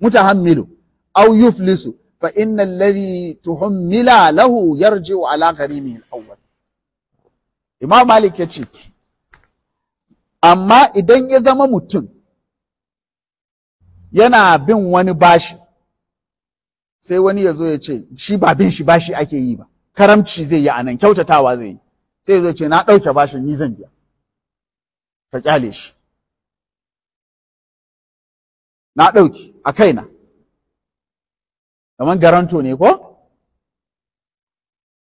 mutahammilu aw yuflisu fa inna alladhi tuhammila lahu yarji'u ala ghanimihi al-awwal imam malik yace amma idan ya zama mutum yana bin wani bashi sai wani ya zo ya ce shi ba bin shi bashi ake yi ba karamci zai yi a nan kyautatawa zai yi sai zai ce na ɗauke bashin ni zan biya ka kyale shi na ɗauki a kaina kamar garanto ne ko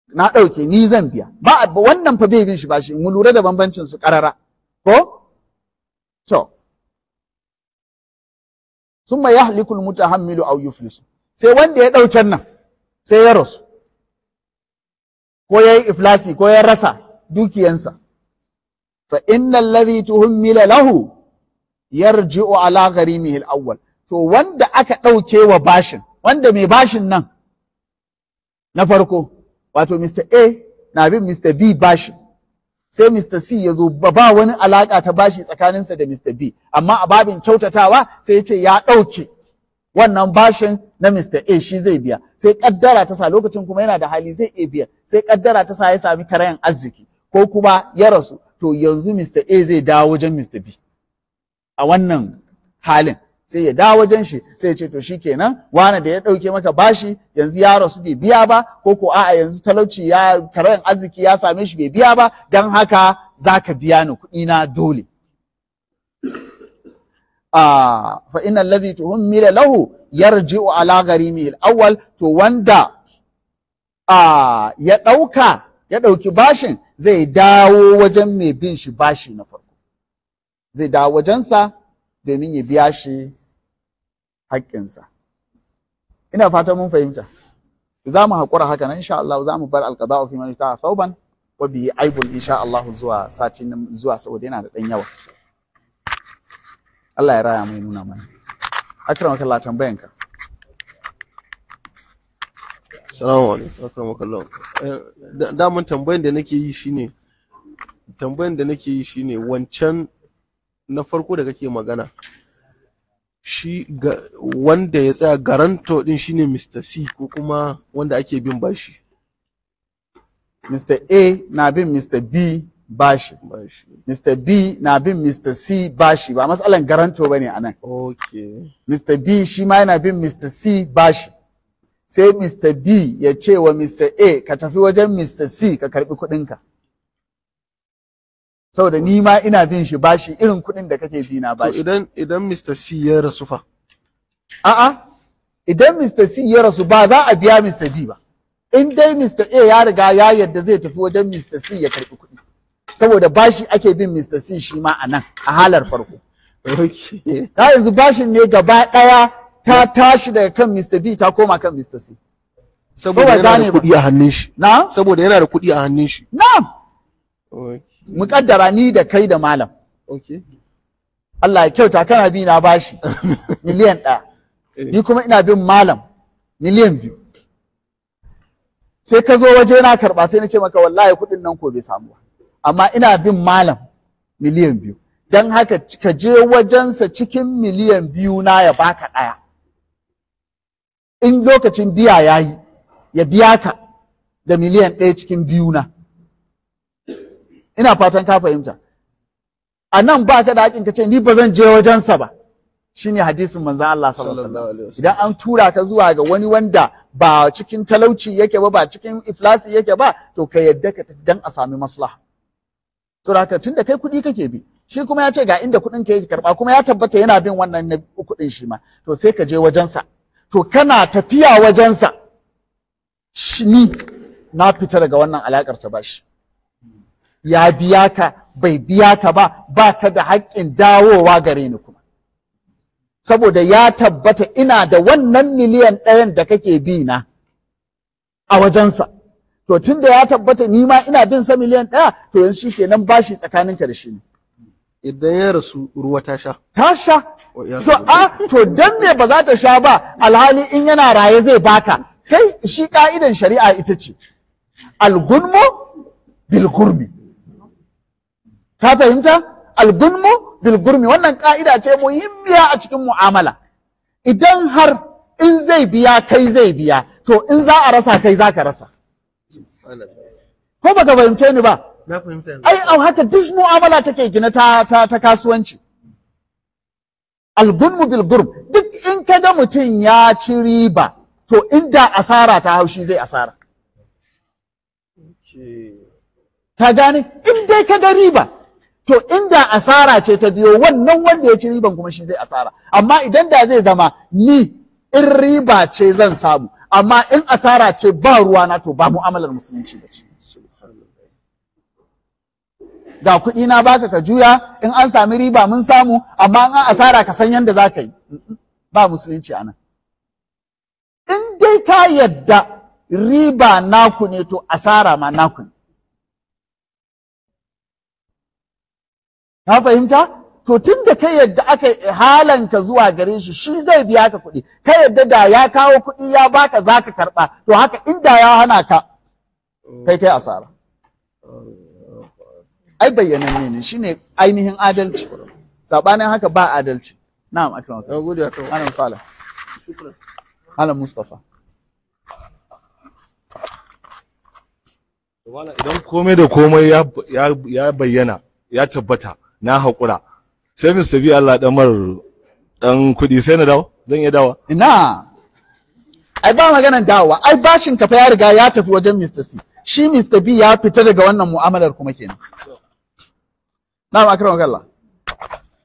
na ɗauke ni zan biya ba wannan fa bai bin shi bashi mu lura da bambancin su ƙarara ko to summa yahlikul mutahammilu aw yuflisu sai wanda ya ɗauken nan sai ya rasu ko ya yi iflasi ko ya rasa dukiyansa fa innal ladhi tuhammila lahu yarji'u ala gharimihi al-awwal to wanda aka ɗauke wa bashin wanda mai bashin nan na farko wato Mr A na bin Mr B bashin sai Mr C ya zo ba wani alaƙa ta bashi tsakaninsa da Mr B amma a babin kyautatawa sai ya ce ya ɗauke wannan bashin na Mr. A shi zai biya sai kaddara ta sa lokacin kuma yana da hali zai iya biya sai kaddara ta sa ya sami karayan arziki ko kuma ya rasu to yanzu Mr. A zai dawo wajen Mr. B a wannan halin sai ya dawo wajen shi sai ya ce to shi shikenan wani da ya dauke maka bashi yanzu ya rasu bai biya ba ko ko a'a yanzu talauci ya karayan arziki ya same shi bai biya ba dan haka zaka biya ni kuɗi na dole a ah, fa innal ladhi tuhammila lahu yarji'u ala gharimi al-awwal to wanda a ah, ya dauka ya dauki bashin zai dawo wajen mai bin shi bashi na farko zai dawo wajensa domin ya biya shi haƙƙinsa ina fatan mun fahimta za mu haƙura haka nan insha Allah za mu bar alqada'u fi man ta sauban wa bi aibul insha Allah zuwa satin zuwa saboda yana da ɗan yawa Allah ya raya mai nuna mana akram kallah tambayan ka assalamu alaikum akram kallah eh, daman tambayan da nake yi shine tambayan da nake yi shine wancan na farko da kake magana shi wanda ya tsaya garanto din shine Mr. C ko kuma wanda ake bin bashi Mr. A na bin Mr. B bashi Mr. B na bin Mr. C bashi ba matsalan garanto bane a nan Mr. B shi ma yana bin Mr. C bashi sai Mr. B ya ce wa Mr. A ka tafi wajen Mr. C ka karbi kuɗinka saboda ni ma ina bin shi bashi irin kuɗin da kake bi na bashi idan idan Mr. C ya rasu fa a'a idan Mr. C ya rasu ba za a biya Mr. B ba in dai Mr. A ya riga ya yadda zai tafi wajen Mr. C ya karbi kuɗi saboda bashi ake bin Mr. C shi ma a nan a halar farko. Ta yanzu bashin ne gaba ɗaya ta tashi daga kan Mr. B ta koma kan Mr. C. Saboda yana da kuɗi a hannun shi. Na? Saboda yana da kuɗi a hannun shi. Na. Muƙaddara ni da kai da malam. Allah ya kyauta kana bi na bashi miliyan ɗaya. Eh. Ni kuma ina bin malam miliyan biyu. Sai ka zo waje na karɓa sai na ce maka wallahi kuɗin nan ko bai samu ba. amma ina bin malam miliyan biyu don haka ka je wajensa cikin miliyan biyu na ya baka ɗaya in lokacin biya ya yi ya biya ka da miliyan ɗaya cikin biyu na ina fatan ka fahimta a nan ba ka da hakin ka ce ni ba zan je wajensa ba shine hadisin manzon Allah sallallahu alaihi wasallam idan an tura ka zuwa ga wani wanda ba cikin talauci yake ba ba cikin iflasi yake ba to ka yadda ka tafi dan a sami maslaha Saboda da kai kuɗi kake bi shi kuma ya ce ga inda kuɗin ka yake karɓa kuma ya tabbata yana bin wannan na kuɗin shi ma to sai ka je wajensa to kana tafiya wajensa shi ni na fita daga wannan alakar ta bashi ya biya ka bai biya ka ba ba ka da haƙƙin dawowa gare ni kuma saboda ya tabbata ina da wannan miliyan ɗayan da kake bi na a wajensa to tun da ya tabbata ni ma ina bin sa miliyan ɗaya to yanzu shi ke nan bashi tsakanin ka da shi idan ya rasu ruwa ta sha ta sha to a ah, to dan me ba za ta sha ba alhali in yana raye zai baka kai shi ka'idan shari'a ita ce algunmu bil ka fahimta algunmu bil wannan ka'ida ce muhimmiya a cikin mu'amala idan har in zai biya kai zai biya to in za a rasa kai za ka rasa ko baka fahimce ni ba na ni. ai au haka duk mu'amala take gina ta ta, kasuwanci algurmu bil gurb duk in ka ga mutum ya ci riba to inda asara ta haushi zai asara ka gane in dai ka ga riba to inda asara ce ta biyo wannan wanda ya ci riban kuma shi zai asara amma idan da zai zama ni in riba ce zan samu amma in asara ce ba ruwa na to ba mu'amalar musulunci ba ce ga kuɗi na baka ka juya in an sami riba mun samu amma in an asara ka san yadda za ka yi ba musulunci anan in dai ka yadda riba naku ne to asara ma naku ne ka fahimta to tun da kai yadda aka halanka zuwa gare shi shi zai biya ka kuɗi ka yadda da ya kawo kuɗi ya baka za ka karɓa to haka inda ya hana ka kai kai asara ai bayyananne ne shine ainihin adalci sabanin haka ba adalci na'am akram ka gode akram ana misala shukran mustafa idan komai da komai ya bayyana ya tabbata na haƙura sai Mista B Allah dan mar dan kudi sai na dawo zan iya dawa ina ai ba maganar dawowa ai bashin ka fa ya riga ya tafi wajen Mr. C shi Mr. B ya fita daga wannan mu'amalar kuma kenan na'am akramu kallah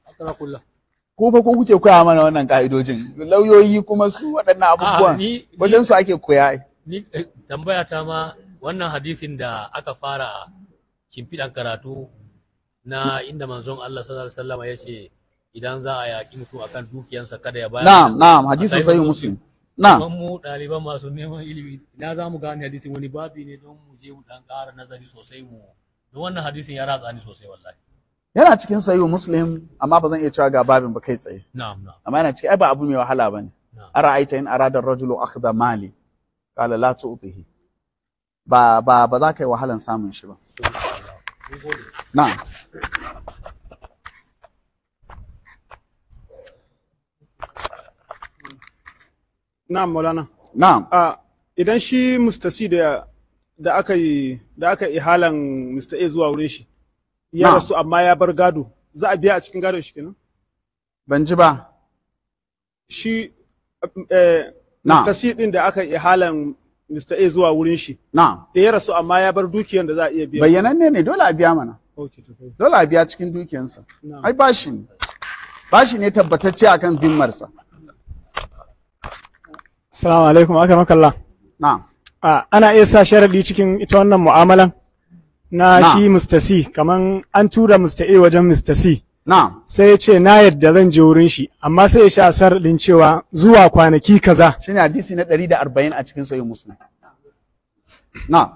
akramu ko fa ko kuke koya mana wannan ka'idojin lauyoyi kuma su waɗannan abubuwan wajen su ake koya ni eh, tambaya ta ma wannan hadisin da aka fara kimfidan karatu na inda manzon Allah sallallahu alaihi wasallam ya ce idan za a yaki mutum akan dukiyansa kada ya bayar na'am na'am hadisi sahih muslim na'am kuma mu daliban masu neman ilimi na za mu gane hadisin wani babi ne don mu je mu dan ƙara nazari sosai mu don wannan hadisin ya ratsa ni sosai wallahi yana cikin sahih muslim amma ba zan iya cewa ga babin ba kai tsaye na'am na'am amma yana cikin ai ba abu mai wahala bane Ara aita in arada rajulu akhda mali qala la tu'tihi ba ba ba za ka yi wahalan samun shi ba na'am na'am maulana na'am ah, idan shi mustasi da da aka yi da aka yi halan Mr. A zuwa wurin shi ya rasu amma ya bar gado za a biya a cikin gado shi kenan ban ji ba shi eh, Mr. C din da aka yi halan Mr. A zuwa wurin shi. Na'am. Da ya rasu amma ya bar dukiyar da za a iya biya. Bayyananne ne dole a biya mana. Dole a biya cikin dukiyansa. Ai bashi ne. Bashi ne tabbatacce akan zimmarsa. Salamu alaikum aka makalla. Na'am. ana iya sa sharaɗi cikin ita wannan mu'amalan na shi Mr. C kaman an tura Mr. A wajen Mr. C. na'am sai ya ce na yadda zan je wurin shi amma sai ya sha asar din cewa zuwa kwanaki kaza shine hadisi na 140 a cikin sahih muslim na'am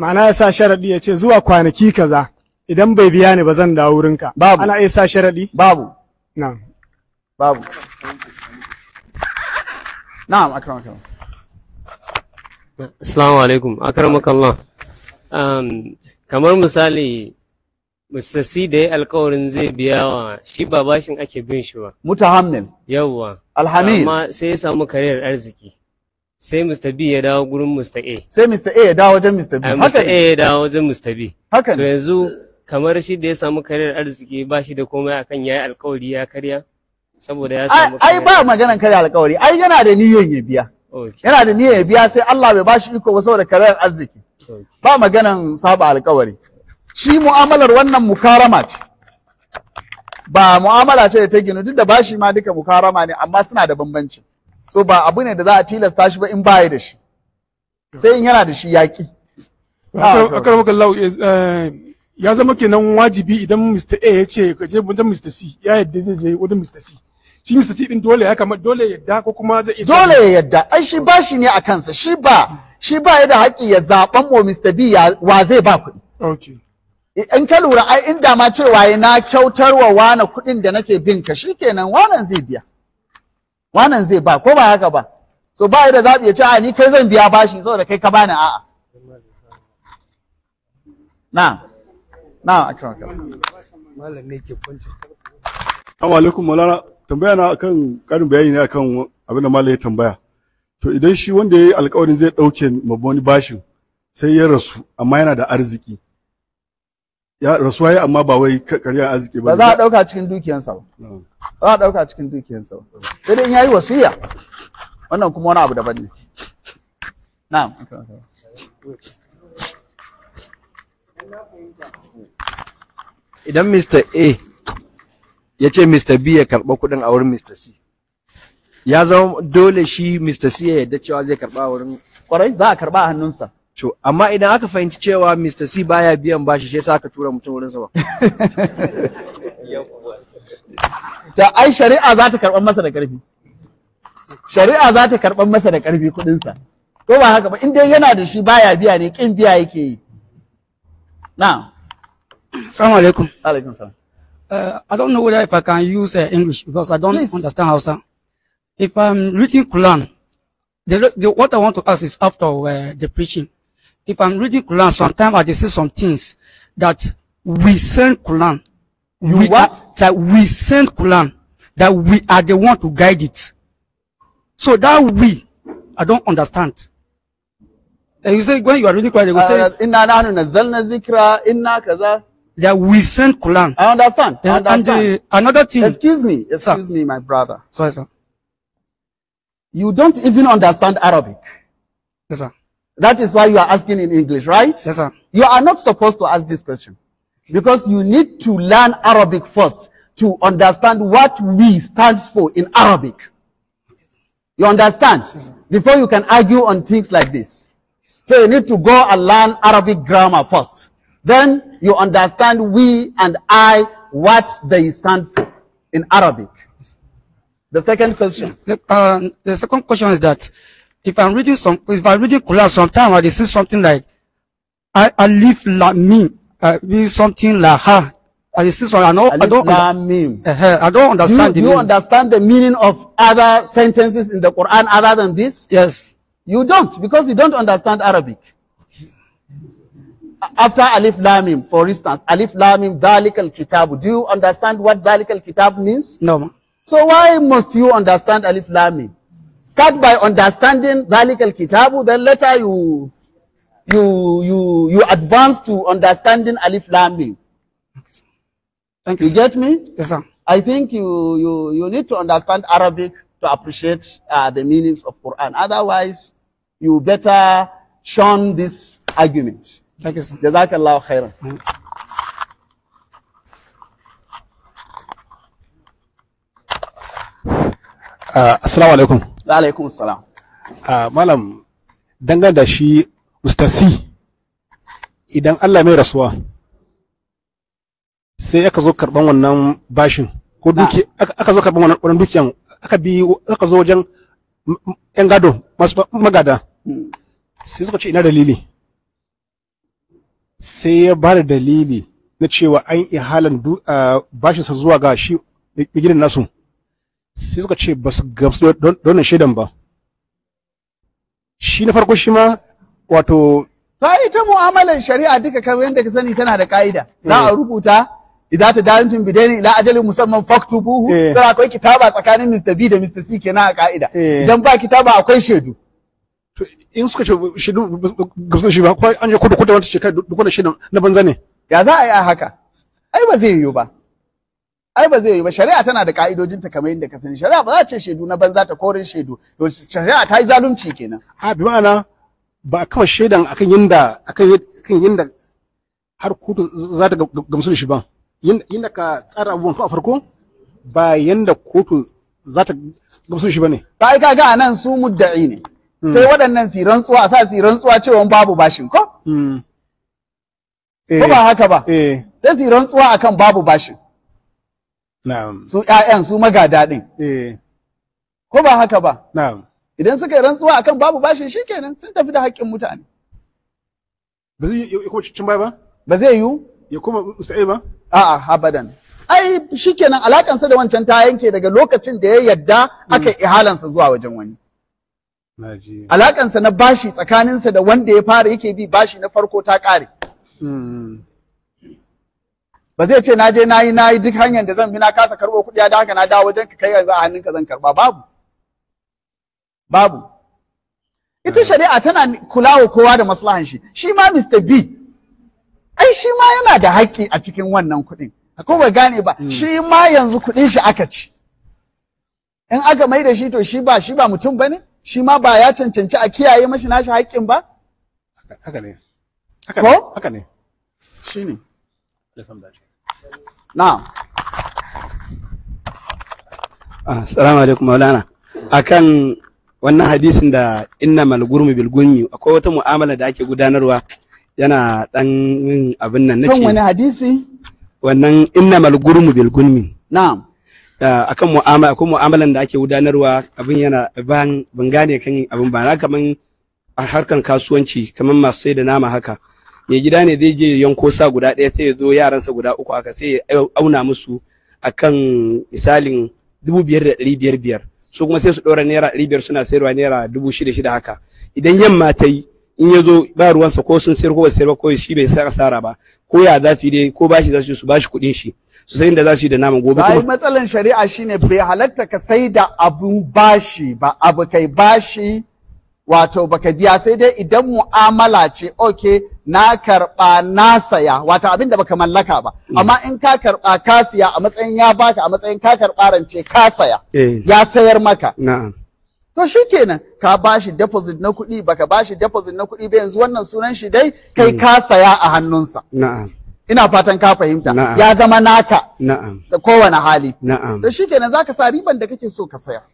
ma'ana ya sa sharadi ya ce zuwa kwanaki kaza idan bai biya ni ba zan dawo wurinka babu ana iya sa sharadi babu na'am babu na'am akram. assalamu alaikum akramakallah um, kamar misali Mr. da ya alkawarin zai biya wa shi ba bashin ake bin shi ba. Mutahammil. Yawwa. Alhamil. Amma sai ya samu kariyar arziki. Sai Mr. B ya dawo gurin Mr. A. Sai Mr. A ya dawo wajen Mr. B. Mr. A ya dawo wajen Mr. B. Hakan. To yanzu kamar shi da ya samu kariyar arziki ba shi da komai akan yi alkawari ya karya. Saboda ya samu Ai ba maganan karya alkawari. Ai yana da niyyar ya biya. Yana da niyyar ya biya sai Allah bai bashi iko ba saboda kariyar arziki. Ba maganan saba alkawari. shi mu'amalar wannan mukarama ce ba mu'amala ce da ta ginu duk da ba shi ma duka mukarama ne amma suna da bambanci so ba abu ne da za a tilasta shi ba in baya da shi sai in yana da shi yaƙi. Eh, eh, ya zama kenan wajibi idan Mr. A ya ce ka je wajen Mr. C ya yadda zai je wajen Mr. C. Shi Mr. C din dole ya kama dole ya yadda ko kuma zai iya Dole ya yadda ai shi ba shi ne a kansa shi ba shi ba ya da haƙƙi ya zaɓan wa Mr. B ya wa zai ba kuɗi. Okay. in ka lura ai inda ma cewa na kyautar wa wane kuɗin da nake bin ka shikenan wanan zai biya wanan zai ba ko ba haka ba so ba da zaɓi ya ce a ni kai zan biya bashi saboda kai ka bani a'a na na akramaka malam ne ke kwanci assalamu alaikum tambaya na akan karin bayani ne akan abin da malam ya tambaya to idan shi wanda ya yi alƙawarin zai ɗauke mabboni wani bashin sai ya rasu amma yana da arziki ya rasuwa ya amma ba wai karyar arziki ba ba za a ɗauka cikin dukiyansa ba ba za a ɗauka cikin dukiyansa ba sai dai in yayi wasiya wannan kuma wani abu daban ne na'am idan Mr. A ya ce Mr. B ya karba kuɗin a wurin Mr. C ya zama dole shi Mr. C ya yadda cewa zai karba a wurin kwarai za a karba a hannunsa to amma idan aka fahimci cewa Mr. C baya biyan bashi shi yasa aka tura mutum wurin sa ba da ai shari'a za ta karɓar masa da ƙarfi shari'a za ta karɓar masa da ƙarfi kuɗinsa ko ba haka ba in dai yana da shi baya biya ne ƙin biya yake yi na'am assalamu alaikum alaikum salam uh, i don't know whether if i can use uh, english because i don't Please. understand hausa if i'm reading quran the, the, what i want to ask is after uh, the preaching if I'm reading Quran, sometimes I just say some things that we send Quran. You we, what? That we send Quran. That we are the one to guide it. So that we, I don't understand. And you say when you are reading Quran, they will uh, say, "Inna nahnu nazzalna inna kaza." That we send Quran. I understand. I understand. And, uh, another thing. Excuse me, excuse sir. me, my brother. Sorry, sir. You don't even understand Arabic. Yes, sir. That is why you are asking in English, right? Yes, sir. You are not supposed to ask this question because you need to learn Arabic first to understand what we stands for in Arabic. You understand? Yes, Before you can argue on things like this. So you need to go and learn Arabic grammar first. Then you understand we and I, what they stand for in Arabic. The second question. Uh, the second question is that if I'm reading some, if I'm reading Quran, sometimes I see something like I, I leave la me, I uh, read something like her. I see something. I know. I, I don't. Uh, I don't understand. You, you understand the meaning of other sentences in the Quran other than this? Yes. You don't because you don't understand Arabic. After Alif Lamim, for instance, Alif Lamim, Dalik al Kitab. Do you understand what Dalik al Kitab means? No. So why must you understand Alif Lamim? Start by understanding ذلك الكتاب, then later you, you, you, you advance to understanding Alif Mim. Thank you. You get me? Yes, sir. I think you, you, you need to understand Arabic to appreciate uh, the meanings of Quran. Otherwise, you better shun this argument. Thank you, sir. Jazakallah khairan. Uh, Assalamu alaikum. alaikum salam ah, malam dangane da shi mustasi idan Allah mai rasuwa sai aka zo karban wannan bashin ko duki aka zo karban wannan dukiyan aka bi aka zo wajen yan gado masu magada hmm. sai suka ce ina dalili sai ya ba da dalili na cewa an ihalan ah, sa zuwa ga shi gidan nasu sai suka ce ba su gamsu donin shaidan ba shi na farko shi ma wato ta ita mu'amalar shari'a duka kamar yadda ka sani tana da ka'ida za a eh. rubuta idza ta dalintun ni ila ajalin musamman faktubuhu sai eh. akwai kitaba tsakanin Mr B da Mr C kenan a ka'ida eh. idan ba kitaba akwai shaidu in suka ce shaidu gamsu shi ba an je kudu kudu wata shekara duk wannan shaidan na banza ne ya za a yi a haka ai ba zai yiwu ba ai ba zai yi ba shari'a tana da ka'idojinta kamar yadda ka sani shari'a ba za ce shaidu na banza ta korin shaidu to shari'a ta yi zalunci kenan a bi ma'ana ba kawai shaidan akan yinda akan yinda har kotu za ta gamsu da shi ba yinda ka tsara abubuwan a farko ba yanda kotu za ta gamsu shi ba ne ba ai kaga nan su mudda'i ne hmm. sai waɗannan su tsuwa sa su tsuwa cewa babu bashin ko hmm. ko ba haka ba eh. Eh. sai su tsuwa akan babu bashin su ƴaƴan su magada din eh. ko ba haka ba idan suka yi rantsuwa akan babu bashin shikenan sun tafi da haƙƙin mutane ba zai yi kuma cikin ba ba zai yi. ya kuma sai ba a'a abadan ai shikenan alakansa da wancan ta yanke daga lokacin da ya yadda aka hmm. ihalansa zuwa wajen wani alakansa na bashi tsakaninsa da wanda ya fara yake bi bashi na farko ta ƙare hmm. ba zai ce na je na yi na yi duk hanyar da zan bi na kasa karɓo kuɗi da haka na dawo wajen ka kai yanzu a hannunka zan karɓa babu babu ita shari'a tana kula wa kowa da maslahan shi shi ma Mr B ai shi ma yana da haƙƙi a cikin wannan kuɗin ko ba gane ba mm. shi ma yanzu kuɗin shi aka ci in aka mai da shi to shi ba shi ba mutum bane shi ma ba ya cancanci a kiyaye mashi nashi haƙƙin ba haka ne haka ne haka ne shine na'am ah, assalamu alaikum maulana akan wannan hadisin da inna mal gurmi bil gurmi akwai wata mu'amala da ake gudanarwa yana dan yin abin nan nace kan wani hadisi wannan inna mal gurmi bil gurmi na'am ah, akan mu'amala akwai mu'amalan da ake gudanarwa abin yana ban ban gane kan abin ba na kaman a harkan kasuwanci kaman masu sai da nama haka mai gida ne zai je yanko sa guda ɗaya sai ya zo yaransa guda uku aka sai ya auna musu akan misalin dubu biyar da ɗari biyar biyar su kuma sai su ɗora naira ɗari biyar suna sayarwa naira dubu shida shida haka idan yamma ta yi in ya zo ba ruwansa ko sun sayar ko ba sayar ba ko shi bai sa sara ba ko ya za su yi dai ko bashi za su su bashi kuɗin shi su sai da za su yi da naman gobe kuma matsalan shari'a shine bai halatta ka sai da abun bashi ba abu kai bashi wato baka biya sai dai idan mu'amala ce okay na karɓa na saya wata abin da baka mallaka ba mm. amma in ka karɓa ka siya a matsayin ya baka a matsayin ka karɓa rance ka saya eh. ya sayar maka to shikenan ka bashi deposit na kuɗi baka bashi deposit na kuɗi ba yanzu wannan sunan shi dai kai mm. ka saya a hannunsa ina fatan ka fahimta ya zama naka da kowane hali to shikenan zaka sa riban da kake so ka sayar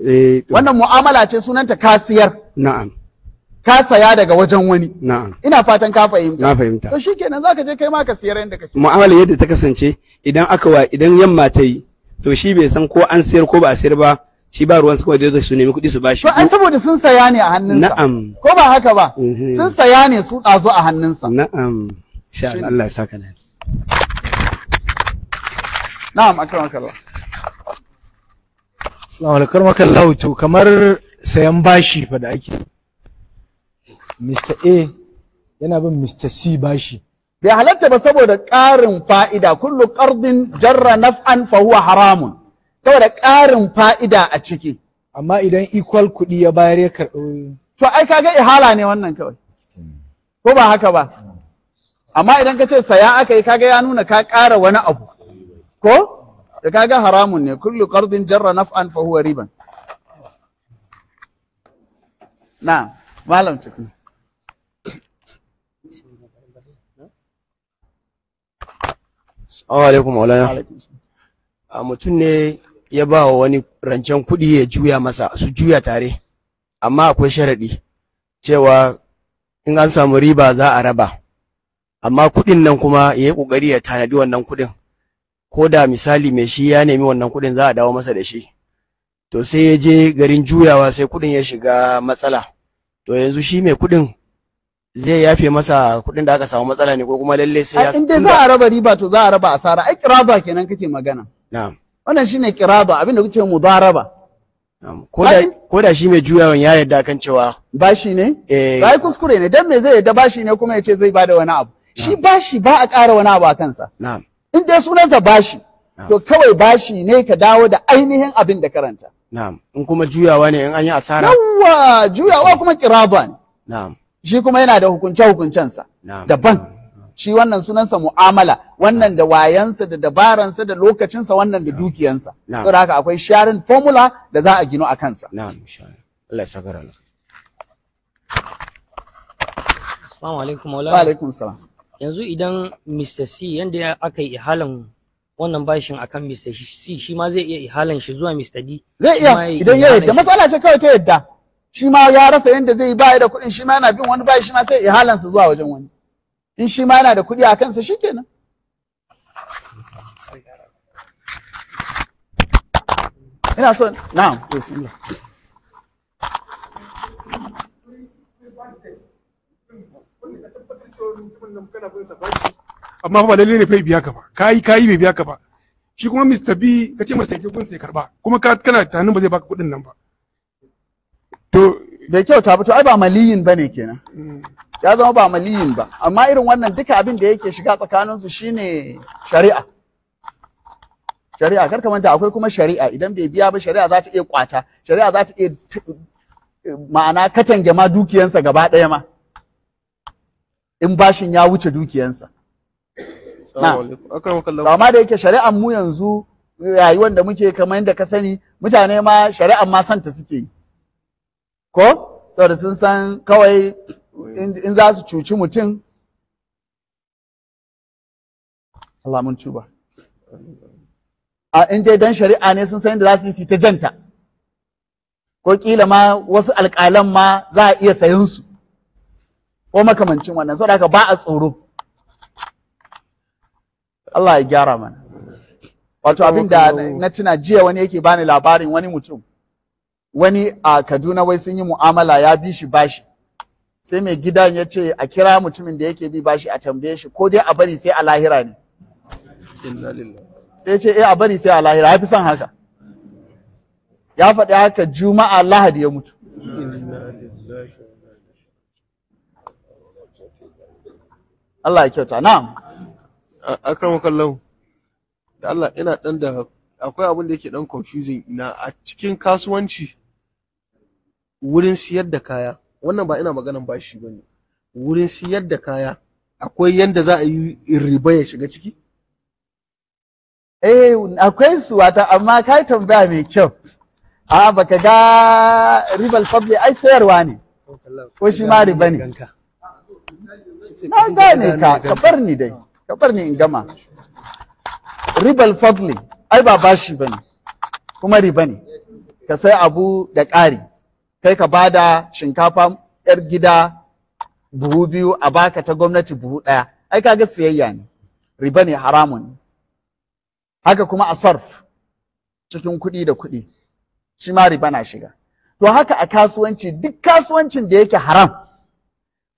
eh, wannan mu'amala ce sunanta kasiyar ka saya daga wajen wani ina fatan ka fahimta na fahimta to shikenan zaka je kai ma ka siyar yadda kake mu'amala yadda ta kasance idan aka wa idan yamma ta yi to shi bai san ko an siyar ko ba a siyar ba shi ba ruwan kawai da su nemi kuɗi su bashi. To an saboda sun saya ne a hannunsa. Na'am. Ko ba haka ba? Mhm. Sun saya ne su ɗazo a hannunsa. Na'am. Sha Allah ya saka na. Na'am kallon. Assalamu alaikum akallahu to kamar sayan bashi fa da ake. Mr. A yana bin Mr. C bashi. Bai halatta ba saboda ƙarin fa'ida, kullu ƙardin jarra naf'an fahuwa haramun, saboda ƙarin fa'ida a ciki. Amma idan equal kuɗi ya bayar ya karɓi. To, ai kaga ihala ne wannan kawai. Ko ba haka ba? Amma idan ka ce saya aka yi kaga ya nuna ka ƙara wani abu. Ko? Da kaga haramun ne, kullu ƙardin jarra naf'an fahuwa riban. Na'am. malam cikin. Assalamu alaikum Maulana. A ah, mutum ne ya ba wa wani rancen kuɗi ya juya masa su juya tare, amma akwai sharaɗi cewa in an samu riba za a raba, amma kuɗin nan kuma ya yi ƙoƙari ya tanadi wannan kuɗin, ko da misali mai shi ya nemi wannan kuɗin za a dawo masa da shi. To sai ya je garin juyawa sai kuɗin ya shiga matsala. to yanzu shi mai kuɗin zai yafe masa kuɗin da aka samu matsala ne ko kuma lalle sai ya in za a raba riba to za a raba asara ai kiraba kenan kake magana na'am wannan shine kiraba abinda kuke mudaraba ko da shi mai juyawan ya yarda kan cewa bashi ne Eh. ba kuskure ne dan me zai yarda bashi ne kuma ya ce zai bada wani abu shi bashi ba a ƙara wani abu a kansa in dai sunansa bashi to kawai bashi ne ka dawo da ainihin abin da karanta na'am in kuma juyawa ne in an yi asara yawa juyawa kuma kiraba ne na'am shi kuma yana da hukunce hukuncensa daban shi wannan sunansa mu'amala wannan da wayansa da dabaransa da lokacinsa wannan da dukiyansa saboda haka akwai sharing formula da za a gino a kansa na'am Allah ya Assalamu alaikum Wa alaikum salam. Yanzu idan Mr. C yanda aka yi halan wannan bashin akan Mr. C shi ma zai iya ihalan shi zuwa Mr. D zai iya idan ya yadda matsala ce kawai ta yadda shi ma ya rasa yadda zai ba da kuɗin shi ma yana bin wani bashi ma sai ihalan su zuwa wajen wani in shi ma yana da kuɗi a kansa shikenan ina so na'am bismillah Thank you. amma fa ba lalle ne fa biya ka ba kai kai bai biya ka ba shi kuma Mr. B ka ce masa je gunsa ya karba kuma ka kana tunanin ba zai baka kuɗin nan ba to bai kyauta ba to ai ba maliyin bane kenan ya zama ba maliyin ba amma irin wannan duka abin da yake shiga tsakanin su shine shari'a shari'a kar ka manta akwai kuma shari'a idan bai biya ba shari'a za ta iya kwata shari'a za ta iya ma'ana katange ma dukiyansa gaba ɗaya ma in bashin ya wuce dukiyansa na amma da yake shari'an mu yanzu rayuwar da muke kamar yadda ka sani mutane ma shari'an ma santa suke yi ko saboda sun san kawai in za su cuci mutum Allah mun cuba a in dai dan shari'a ne sun san yadda za su yi ta janta ko kila ma wasu alƙalan ma za a iya sayan su ko makamancin wannan saboda haka ba a tsoro Allah ya gyara mana wato abin da na tuna jiya wani yake bani labarin wani mutum wani a Kaduna wai sun yi mu'amala ya bi shi bashi sai mai gidan ya ce a kira mutumin da yake bi bashi a tambaye shi ko dai a bari sai a lahira ne sai ce eh a bari sai a lahira ya fi son haka ya faɗi haka juma'a lahadi ya mutu Allah ya kyauta na'am akramu kallon da Allah ina dan da akwai abin da yake dan confusing na a cikin kasuwanci wurin siyar da kaya wannan ba ina maganan bashi bane wurin siyar da kaya akwai yanda za a yi riba ya shiga ciki eh akwai su wata amma kai tambaya mai kyau a baka ga ribal fadli ai sayarwa ne ko shi ma riba ne na gane ka ka bar ni dai ka bar ni in gama ribal fadli ai ba bashi bane kuma riba ne ka sai abu da ƙari kai ka bada shinkafa yar gida buhu biyu a baka ta gwamnati buhu ɗaya ai ga siyayya ne riba ne haramun haka kuma a sarf cikin kuɗi da kuɗi shi ma riba na shiga to haka a kasuwanci duk kasuwancin da yake haram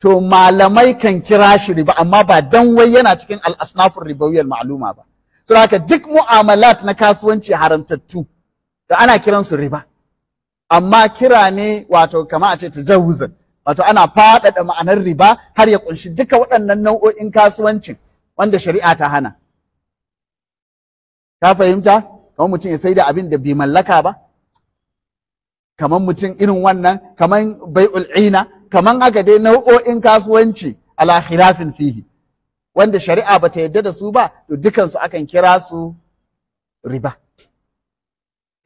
to malamai kan kira shi riba amma ba dan wai yana cikin al-asnafur ribawiyyal ma'luma ba to haka duk mu'amalat na kasuwanci haramtattu da ana kiransu riba amma kira ne wato kama a ce tajawuzan wato ana faɗaɗa ma'anar riba har ya ƙunshi duka waɗannan nau'o'in kasuwancin wanda shari'a ta hana ka fahimta kamar mutum ya sai da abin da bai mallaka ba kamar mutum irin wannan kamar bai'ul ina kaman haka dai nau'o'in kasuwanci ala khilafin fihi wanda shari'a ba ta yadda da su ba to dukansu akan kira su riba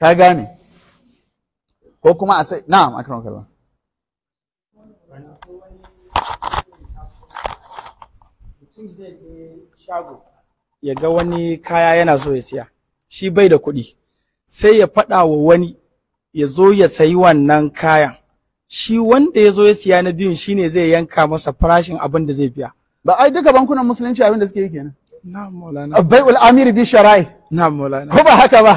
ka gane ko kuma a sai na'am akan shago ya ga wani kaya yana so ya siya shi bai da kuɗi sai ya faɗa wa wani ya zo ya sayi wannan kayan shi wanda ya zo ya siya na biyun shine zai yanka masa farashin abin da zai biya ba ai duka bankunan musulunci abin da suke yi kenan na'am maulana bai'ul amir bi shara'i na'am maulana ko ba haka ba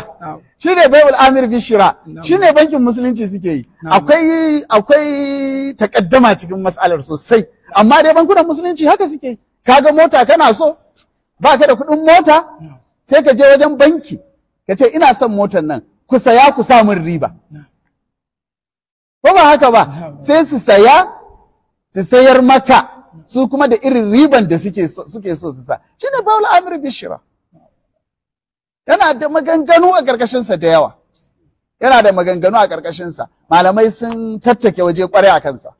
Shi ne bai'ul amir bi shira ne bankin musulunci suke yi akwai akwai takaddama cikin mas'alar sosai amma dai bankunan musulunci haka suke yi kaga mota kana so ba ka da kuɗin mota sai ka je wajen banki ka ce ina son motar nan ku saya ku sa min riba ko ba haka ba sai su saya su sayar maka su kuma da irin riban da suke so su sa shi ne baul amir bishira yana da maganganu a ƙarƙashinsa da yawa yana da maganganu a ƙarƙashinsa malamai sun tattake waje kwarai a kansa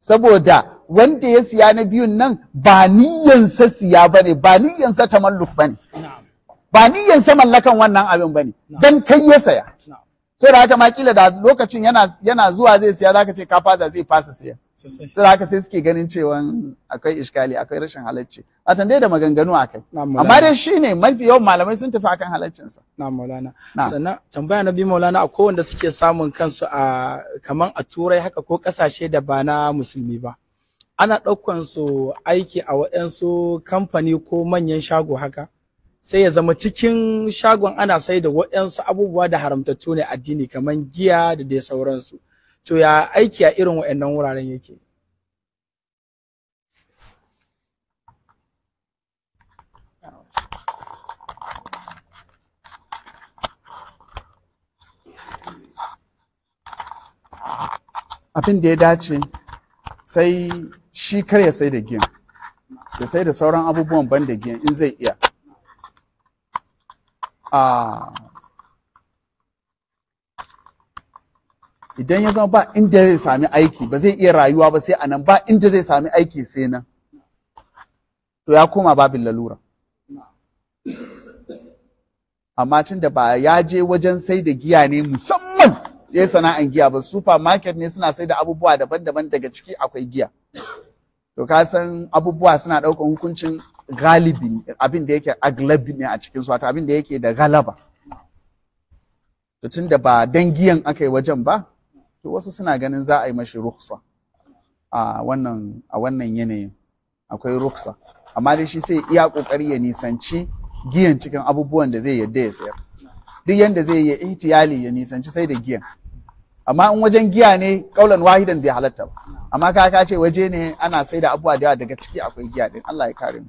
saboda wanda ya siya na biyun nan ba niyyansa siya ba ne ba niyyansa tamalluk ba ne ba niyyansa mallakan wannan abin ba ne don kai ya saya sai da haka ma kila da lokacin yana yana zuwa zai siya zaka ce ka fasa zai fasa siya sai da haka sai suke ganin cewa akwai iskali akwai rashin halacci a tande da maganganu akai amma dai shine mafi yawan malamai sun tafi akan halaccin sa na maulana sannan tambaya na bi maulana a wanda suke samun kansu a kaman a turai haka ko kasashe da ba na musulmi ba ana ɗaukan su aiki a waɗansu kamfani ko manyan shago haka sai ya zama cikin shagon ana sai da waɗansu abubuwa da haramtattu ne addini kamar giya da dai sauransu to ya aiki a irin waɗannan wuraren yake abin da ya dace sai shi kar ya sai da giyan ya sai da sauran abubuwan ban da giyan in zai iya a ah. idan ya zama ba inda zai sami aiki ba zai iya rayuwa ba sai anan ba inda zai sami aiki sai nan to ya koma babin lalura amma tun da ba ya je wajen sai da giya ne musamman ya sana'an giya ba supermarket ne suna sai da abubuwa daban-daban daga ciki akwai giya to ka san abubuwa suna ɗaukan hukuncin galibi abin da yake aglabi ne a cikin su abin da yake da galaba to da ba dangiyan aka yi wajen ba to wasu suna ganin za a yi mashi ruksa a wannan yanayin akwai ruksa amma da shi sai iya kokari ya nisanci giyan cikin abubuwan da zai yadda ya sayar duk yanda zai yi ihtiyali ya nisanci sai da giyan amma in wajen giya ne kaulan wahidan bai halatta ba amma ka ce waje ne ana sai da abubuwa da yawa daga ciki akwai giya din Allah ya kare mu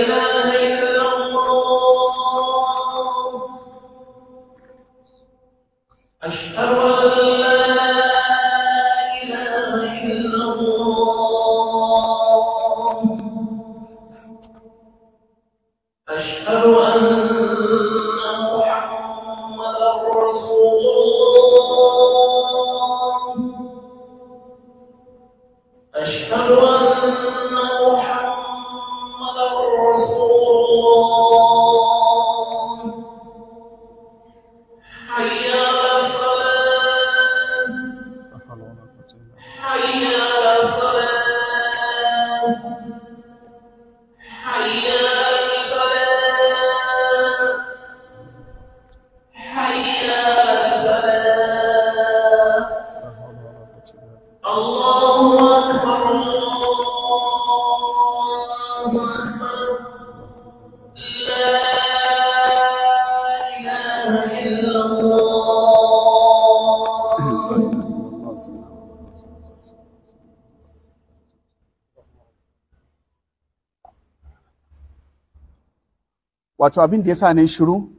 wato abin da ya sa ne shiru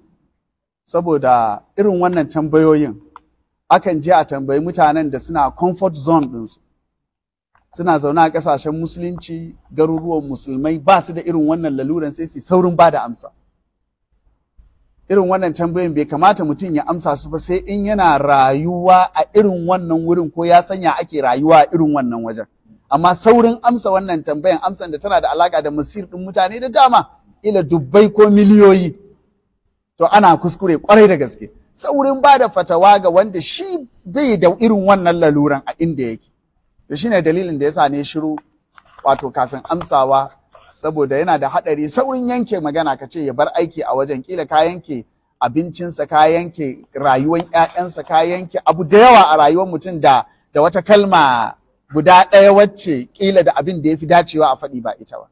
saboda irin wannan tambayoyin akan je a tambayi mutanen da suna comfort zone ɗinsu suna zaune a ƙasashen musulunci garuruwan musulmai ba su da irin wannan laluran sai su saurin ba da amsa irin wannan tambayoyin bai kamata mutum ya amsa su ba sai in yana rayuwa a irin wannan wurin ko ya sanya ake rayuwa a irin wannan wajen amma saurin amsa wannan tambayan amsan da tana da alaka da masir ɗin mutane da dama ila dubbai ko miliyoyi to ana kuskure kwarai da gaske saurin ba da fatawa ga wanda shi bai da irin wannan laluran a inda yake to shine dalilin da yasa ne shiru wato kafin amsawa saboda yana da haɗari saurin yanke magana ka ce ya bar aiki a wajen kila ka yanke abincinsa ka yanke rayuwar ƴaƴansa ka yanke abu da yawa a rayuwar mutum da da wata kalma guda ɗaya wacce ƙila da abin da ya fi dacewa a faɗi ba ita ba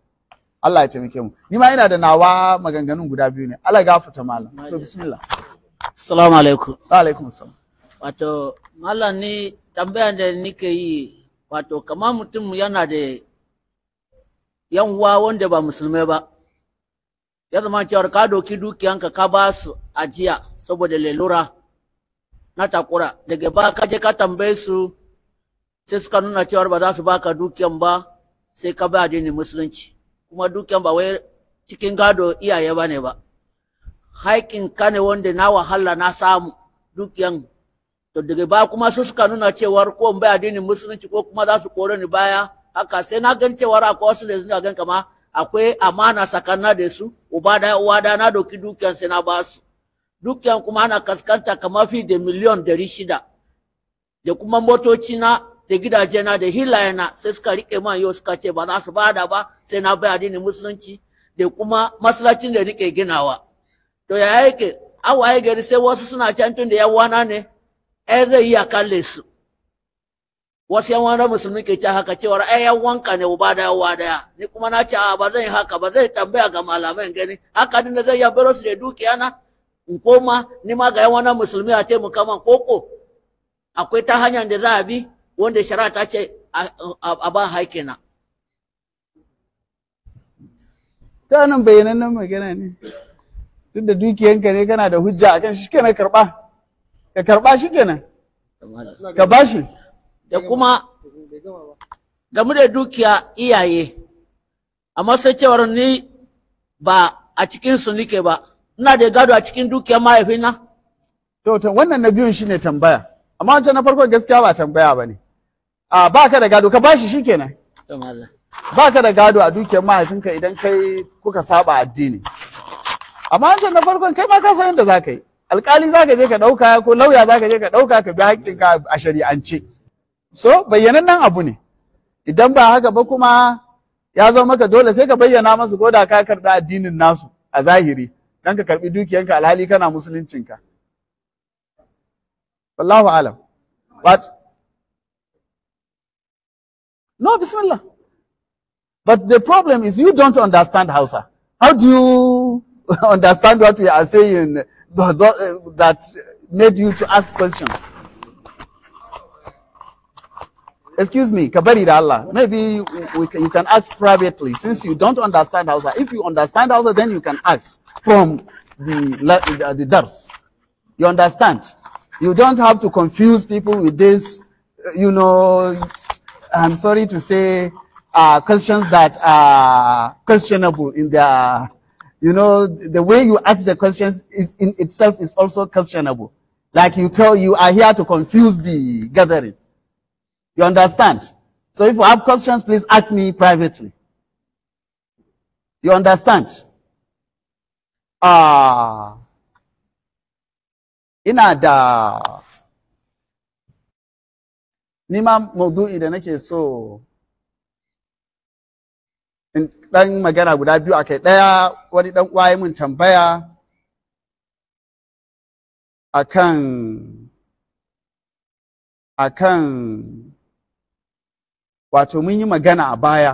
Allah ya taimake mu ni ma ina da nawa maganganun guda biyu ne Allah gafarta malam to bismillah assalamu alaikum wa alaikum assalam wato malam ni tambayan da nike yi wato kama mutum yana da yan uwa wanda ba musulmai ba ya zama cewar ka doki dukiyanka ka ba su ajiya saboda lelura na takura daga ba ka je ka tambaye su sai suka nuna cewar ba za su baka dukiyan ba sai ka ba ni musulunci kuma dukiyan ba wai cikin gado iyaye ba ne ba haƙƙin ka ne wanda na wahala na samu dukiyan to daga ba kuma su suka nuna cewar ko in bai addinin musulunci ko kuma za su kore ni baya haka sai na gan cewar akwai wasu da suna gan kama akwai amana sakanna da su uba da uwa da na doki dukiyan sai na ba su dukiyan kuma ana kaskanta kamar fi da miliyon dari shida da kuma motoci na da gidaje na da na sai suka rike man yau suka ce ba za su bada ba sai na bai addinin musulunci da kuma masallacin da rike ginawa to ya yake awaye gari sai wasu suna can tun da yawana ne ai zai iya kalle su wasu yan wani musulmi ke ta haka cewa ai yan wanka ne ba da yawa daya ni kuma na ce ba zan yi haka ba zai tambaya ga malamai gani haka din da zai ya baro su da dukiya na in koma ni ma ga yan wani musulmi a taimaka man koko akwai ta hanyar da za a bi wanda shari'a ta ce a ba na. Ta nan bayyanannen magana ne, duk da dukiyanka ne kana da hujja a kan shi na karɓa, ka karɓa shi ke ka ba shi. Da kuma game da dukiya iyaye, amma sai cewar ni ba a cikinsu nike ba, ina da gado a cikin dukiya mahaifina. To, wannan na biyun shi ne tambaya, amma wancan na farko gaskiya ba tambaya ba ne. a ba ka da gado ka bashi shikenan ba ka da gado a dukiyar mahaifinka idan kai kuka saba addini amma hancin na farkon kai ma ka san yadda za ka yi alkali za je ka ɗauka ko lauya za ka je ka ɗauka ka bi haƙƙinka a shari'ance so nan abu ne idan ba haka ba kuma ya zama maka dole sai ka bayyana masu ko da ka karɓi addinin nasu a zahiri dan ka karɓi dukiyanka alhali kana musuluncinka wallahu alam No, Bismillah. But the problem is you don't understand Hausa. How do you understand what we are saying that made you to ask questions? Excuse me, Kabari Allah. Maybe can, you can ask privately since you don't understand Hausa. If you understand Hausa, then you can ask from the, the, the Dars. You understand? You don't have to confuse people with this, you know, I'm sorry to say, uh, questions that are questionable in their, you know, the way you ask the questions in, itself is also questionable. Like you call, you are here to confuse the gathering. You understand? So if you have questions, please ask me privately. You understand? Ah, uh, ina da ni ma maudu'i da nake so in ɗan magana guda biyu a kai ɗaya wani ɗan ya mun tambaya a kan wato mun yi magana a baya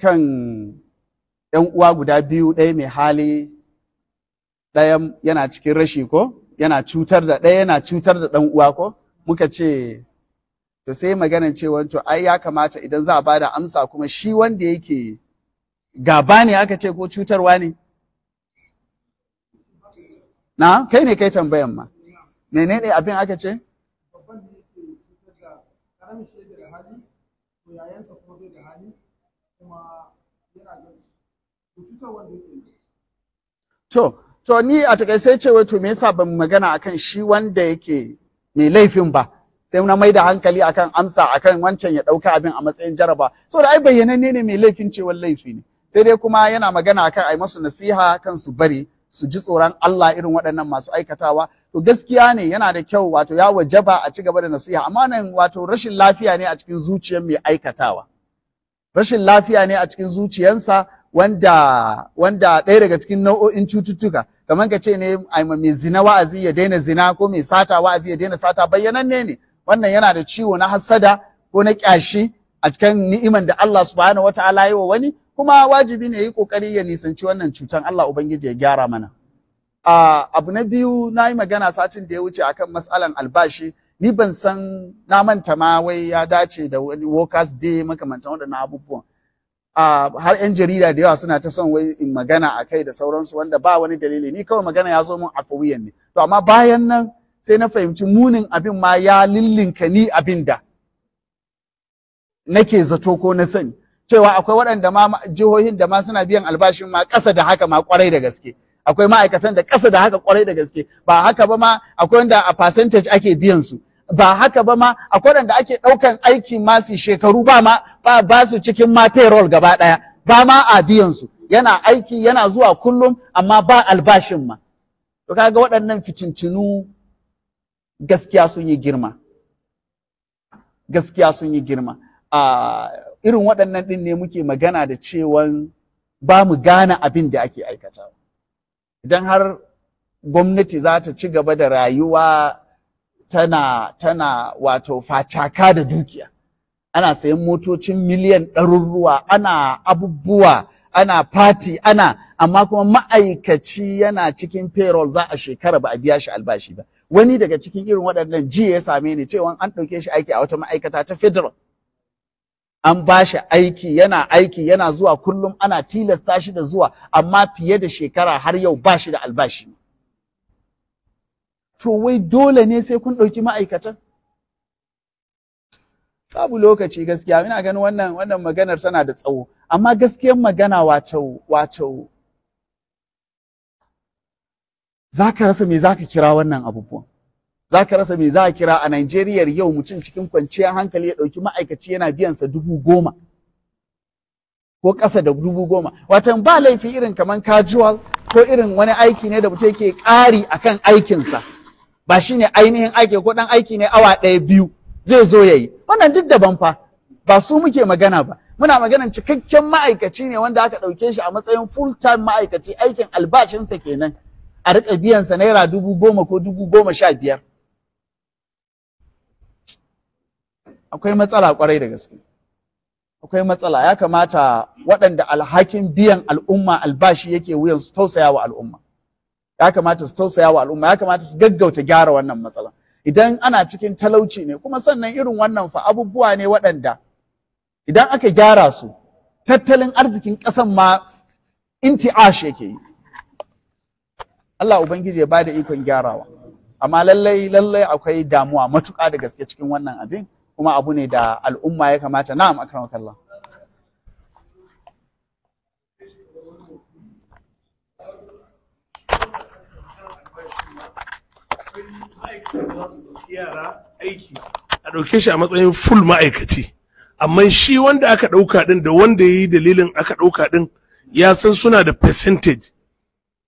kan ‘yan uwa guda biyu ɗaya mai hali ɗayan yana cikin rashi ko? yana cutar da ɗaya yana cutar da ɗan uwa ko muka ce to sai maganin cewa to ai ya kamata idan za a bada amsa kuma shi wanda yake gaba ne aka ce ko cutarwa ne na kai ne kai tambayan ma menene abin aka ce To, to ni a takaice ce wai to me yasa ban magana akan shi wanda yake mai laifin ba sai na mai da hankali akan amsa akan wancan ya dauka abin a matsayin jaraba saboda ai bayyananne ne mai laifin cewa laifi ne sai dai kuma yana magana akan ai masu nasiha kan su bari su ji tsoron Allah irin waɗannan masu aikatawa to gaskiya ne yana da kyau wato ya wajaba a ci gaba da nasiha amma nan wato rashin lafiya ne a cikin zuciyar mai aikatawa rashin lafiya ne a cikin zuciyarsa wanda wanda ɗaya daga cikin nau'o'in cututtuka kamar ka ce ne ai mai zina wa'azi ya daina zina ko mai sata wa'azi ya daina sata bayyananne ne wannan yana da ciwo na hassada ko na kyashi a cikin ni'iman da Allah subhanahu wataala yi wa wani kuma wajibi ne ya yi kokari ya nisanci wannan cutan Allah ubangiji ya gyara mana abu na biyu na yi magana satin da ya wuce akan matsalan albashi ni ban san na manta ma wai ya dace da wani workers day makamantan waɗannan abubuwan har 'yan jarida da yawa suna ta son wai in magana a kai da sauransu wanda ba wani dalili ni kawai magana ya zo min a ne to amma bayan nan sai na fahimci munin abin ma ya lillinka ni abin da nake zato ko na sani cewa akwai waɗanda ma jihohin da ma suna biyan albashin ma ƙasa da haka ma ƙwarai da gaske akwai ma'aikatan da ƙasa da haka ƙwarai da gaske ba haka ba ma akwai wanda a percentage ake biyan su ba haka ba ma akwai da ake ɗaukan aiki masu shekaru ba ma ba, ba su cikin ma payroll gaba ɗaya ba ma a biyan su yana aiki yana zuwa kullum amma ba albashin ma to kaga waɗannan fitintinu gaskiya sun yi girma gaskiya sun yi girma a irin waɗannan ɗin ne muke magana da cewan ba mu gane abin da ake aikatawa idan har gwamnati za ta ci gaba da rayuwa tana tana wato facaka da dukiya ana sayan motocin miliyan ɗaruruwa ana abubuwa ana fati ana amma kuma ma'aikaci yana cikin payroll za a shekara ba a biya shi albashi ba wani daga cikin irin waɗannan ji ya same ni cewa an ɗauke shi aiki a wata ma'aikata ta federal an ba shi aiki yana aiki yana zuwa kullum ana tilasta shi da zuwa amma fiye da shekara har yau ba shi da albashi to wai dole ne sai kun ɗauki ma'aikatan babu lokaci gaskiya ina ganin wannan wannan maganar tana da tsawo amma gaskiyan magana wato Za ka rasa me ka kira wannan abubuwan Za ka rasa me za kira a Najeriya yau mutum cikin kwanciyar hankali ya ɗauki ma'aikaci yana biyan sa dubu goma ko ƙasa da dubu goma watan ba laifi irin kamar casual ko irin wani aiki ne da mutum yake ƙari akan aikinsa ba shi ne ainihin aiki ko ɗan aiki ne awa ɗaya biyu zai zo ya yi wannan duk daban fa ba su muke magana ba muna maganan cikakken ma'aikaci ne wanda aka ɗauke shi a matsayin full time ma'aikaci aikin albashinsa kenan a riƙa biyansa naira dubu goma ko dubu goma sha biyar akwai matsala kwarai da gaske akwai matsala ya kamata waɗanda alhakin biyan al'umma albashi yake wuyan su tausaya wa al'umma ya kamata su tausaya wa al'umma ya kamata su gaggauta gyara wannan matsala. idan ana cikin talauci ne kuma sannan irin wannan fa abubuwa ne waɗanda idan aka gyara su tattalin arzikin ƙasan ma inti'ash yake yi Allah ubangiji ya bada ikon gyarawa amma lallai lallai akwai damuwa matuƙa da gaske cikin wannan abin kuma abu ne da al'umma ya kamata na'am akramakallah yara aiki a ɗauke shi a matsayin full ma'aikaci amma shi wanda aka ɗauka ɗin da wanda ya dalilin aka ɗauka ɗin ya san suna da percentage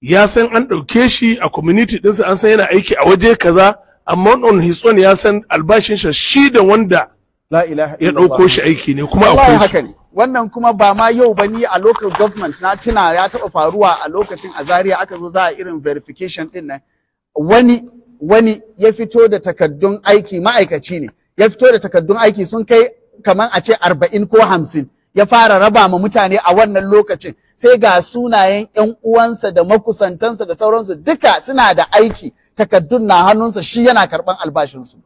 ya san an ɗauke shi a community ɗinsa an san yana aiki a waje kaza amma on his own ya san albashin shi shi da wanda ya ɗauko shi aiki ne kuma akwai su wannan kuma ba ma yau ba ni a local government na tuna ya taɓa faruwa a lokacin a Zaria aka zo za a irin verification ɗin nan wani wani ya fito da takaddun aiki ma'aikaci ne ya fito da takaddun aiki sun kai kamar a ce arba'in ko hamsin ya fara raba ma mutane a wannan lokacin sai ga sunayen yan uwansa da makusantansa da sauransu duka suna da aiki takaddun na hannunsa shi yana karban albashinsu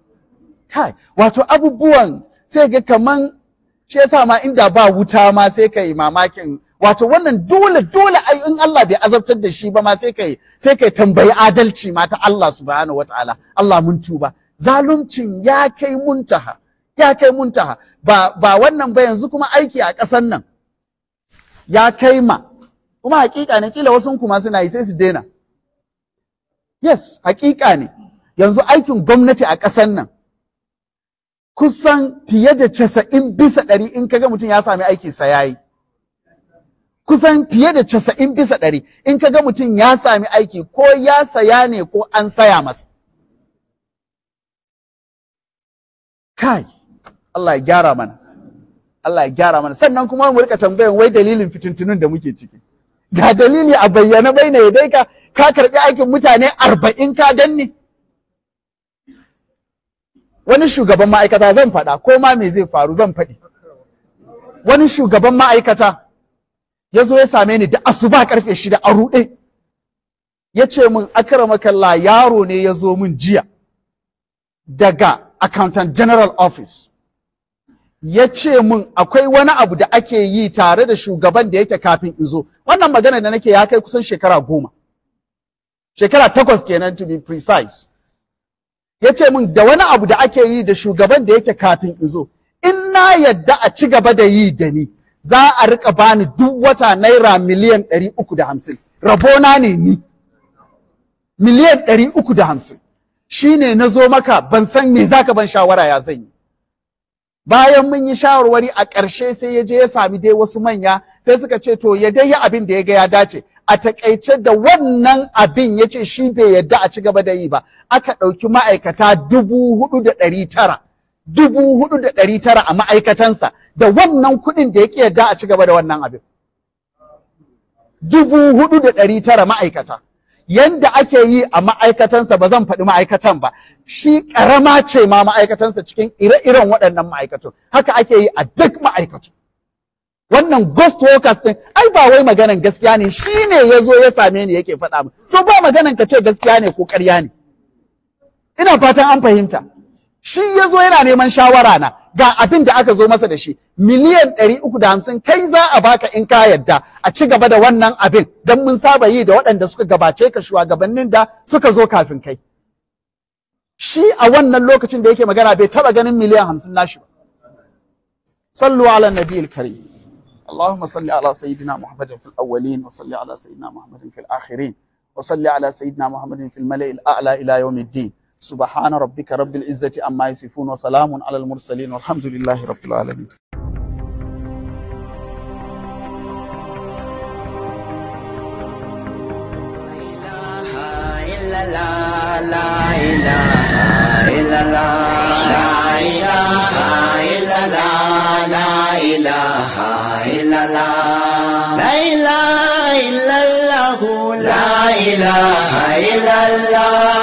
kai wato abubuwan sai ga kaman shi yasa ma inda ba wuta ma sai kai mamakin wato wannan dole dole ai in Allah bai azabtar da shi ba ma sai kai sai kai tambayi adalci ma ta Allah subhanahu wataala Allah mun tuba zaluncin ya kai muntaha ya kai muntaha ba ba wannan ba yanzu kuma aiki a ƙasan nan ya kai ma kuma hakika ne kila wasu kuma suna yi sai su daina yes hakika ne yanzu aikin gwamnati a ƙasan nan kusan fiye da casa'in bisa ɗari in kaga mutum ya sami aiki sa yayi kusan fiye da casa'in bisa ɗari in ka ga mutum ya sami aiki ko ya saya ne ko an saya masa kai Allah ya gyara mana Allah ya gyara mana sannan kuma mu rika tambayan wai dalilin fitintunun da muke ciki ga dalili a bayyana bai na dai ka ka karɓi aikin mutane arba'in ka danne wani shugaban ma'aikata zan faɗa ko ma me zai faru zan faɗi wani shugaban ma'aikata ya zo ya same ni da asuba karfe shida a ruɗe ya ce min akaramakalla yaro ne ya zo min jiya daga accountant general office ya ce min akwai wani abu da ake yi tare da shugaban da yake kafin in zo wannan magana da nake ya kai kusan shekara goma shekara takwas kenan to be precise ya ce min da wani abu da ake yi da shugaban da yake kafin in zo in na yadda a ci gaba da yi da ni za a rika bani duk wata naira miliyan ɗari uku da hamsin rabona ne ni miliyan ɗari uku da hamsin shi ne na zo maka ban san me za ka ban shawara ya zan yi bayan mun yi shawarwari a ƙarshe sai ya je ya sami dai wasu manya sai suka ce to ya dai yi abin da ya ga ya dace a taƙaice da wannan abin ya ce shi bai yadda a ci gaba da yi ba aka ɗauki ma'aikata dubu hudu da ɗari tara dubu hudu da ɗari tara a ma'aikatansa da wannan kuɗin da yake yadda a ci gaba da wannan abin dubu hudu da ɗari tara ma'aikata yanda ake yi a ma'aikatansa ba zan faɗi ma'aikatan ba shi ƙarama ce ma ma'aikatansa cikin ire-iren waɗannan ma'aikatu haka ake yi a duk ma'aikatu wannan ghost workers ɗin ai ba wai maganan gaskiya ne shi ne ya zo ya same ni yake faɗa min so ba maganan ka ce gaskiya ne ko ƙarya ne ina fatan an fahimta shi ya zo yana neman shawara na ga abin da aka zo masa da shi miliyan ɗari uku da hamsin kai za a baka in ka yadda a ci gaba da wannan abin don mun saba yi da waɗanda suka gabace ka shugabannin da suka zo kafin kai shi a wannan lokacin da yake magana bai taɓa ganin miliyan hamsin nashi ba sallu ala nabiyil karim اللهم صل على سيدنا محمد في الأولين وصل على سيدنا محمد في الآخرين وصل على سيدنا محمد في الملأ الأعلى إلى يوم الدين سبحان ربك رب العزة عما يصفون وسلام على المرسلين والحمد لله رب العالمين إله إلا الله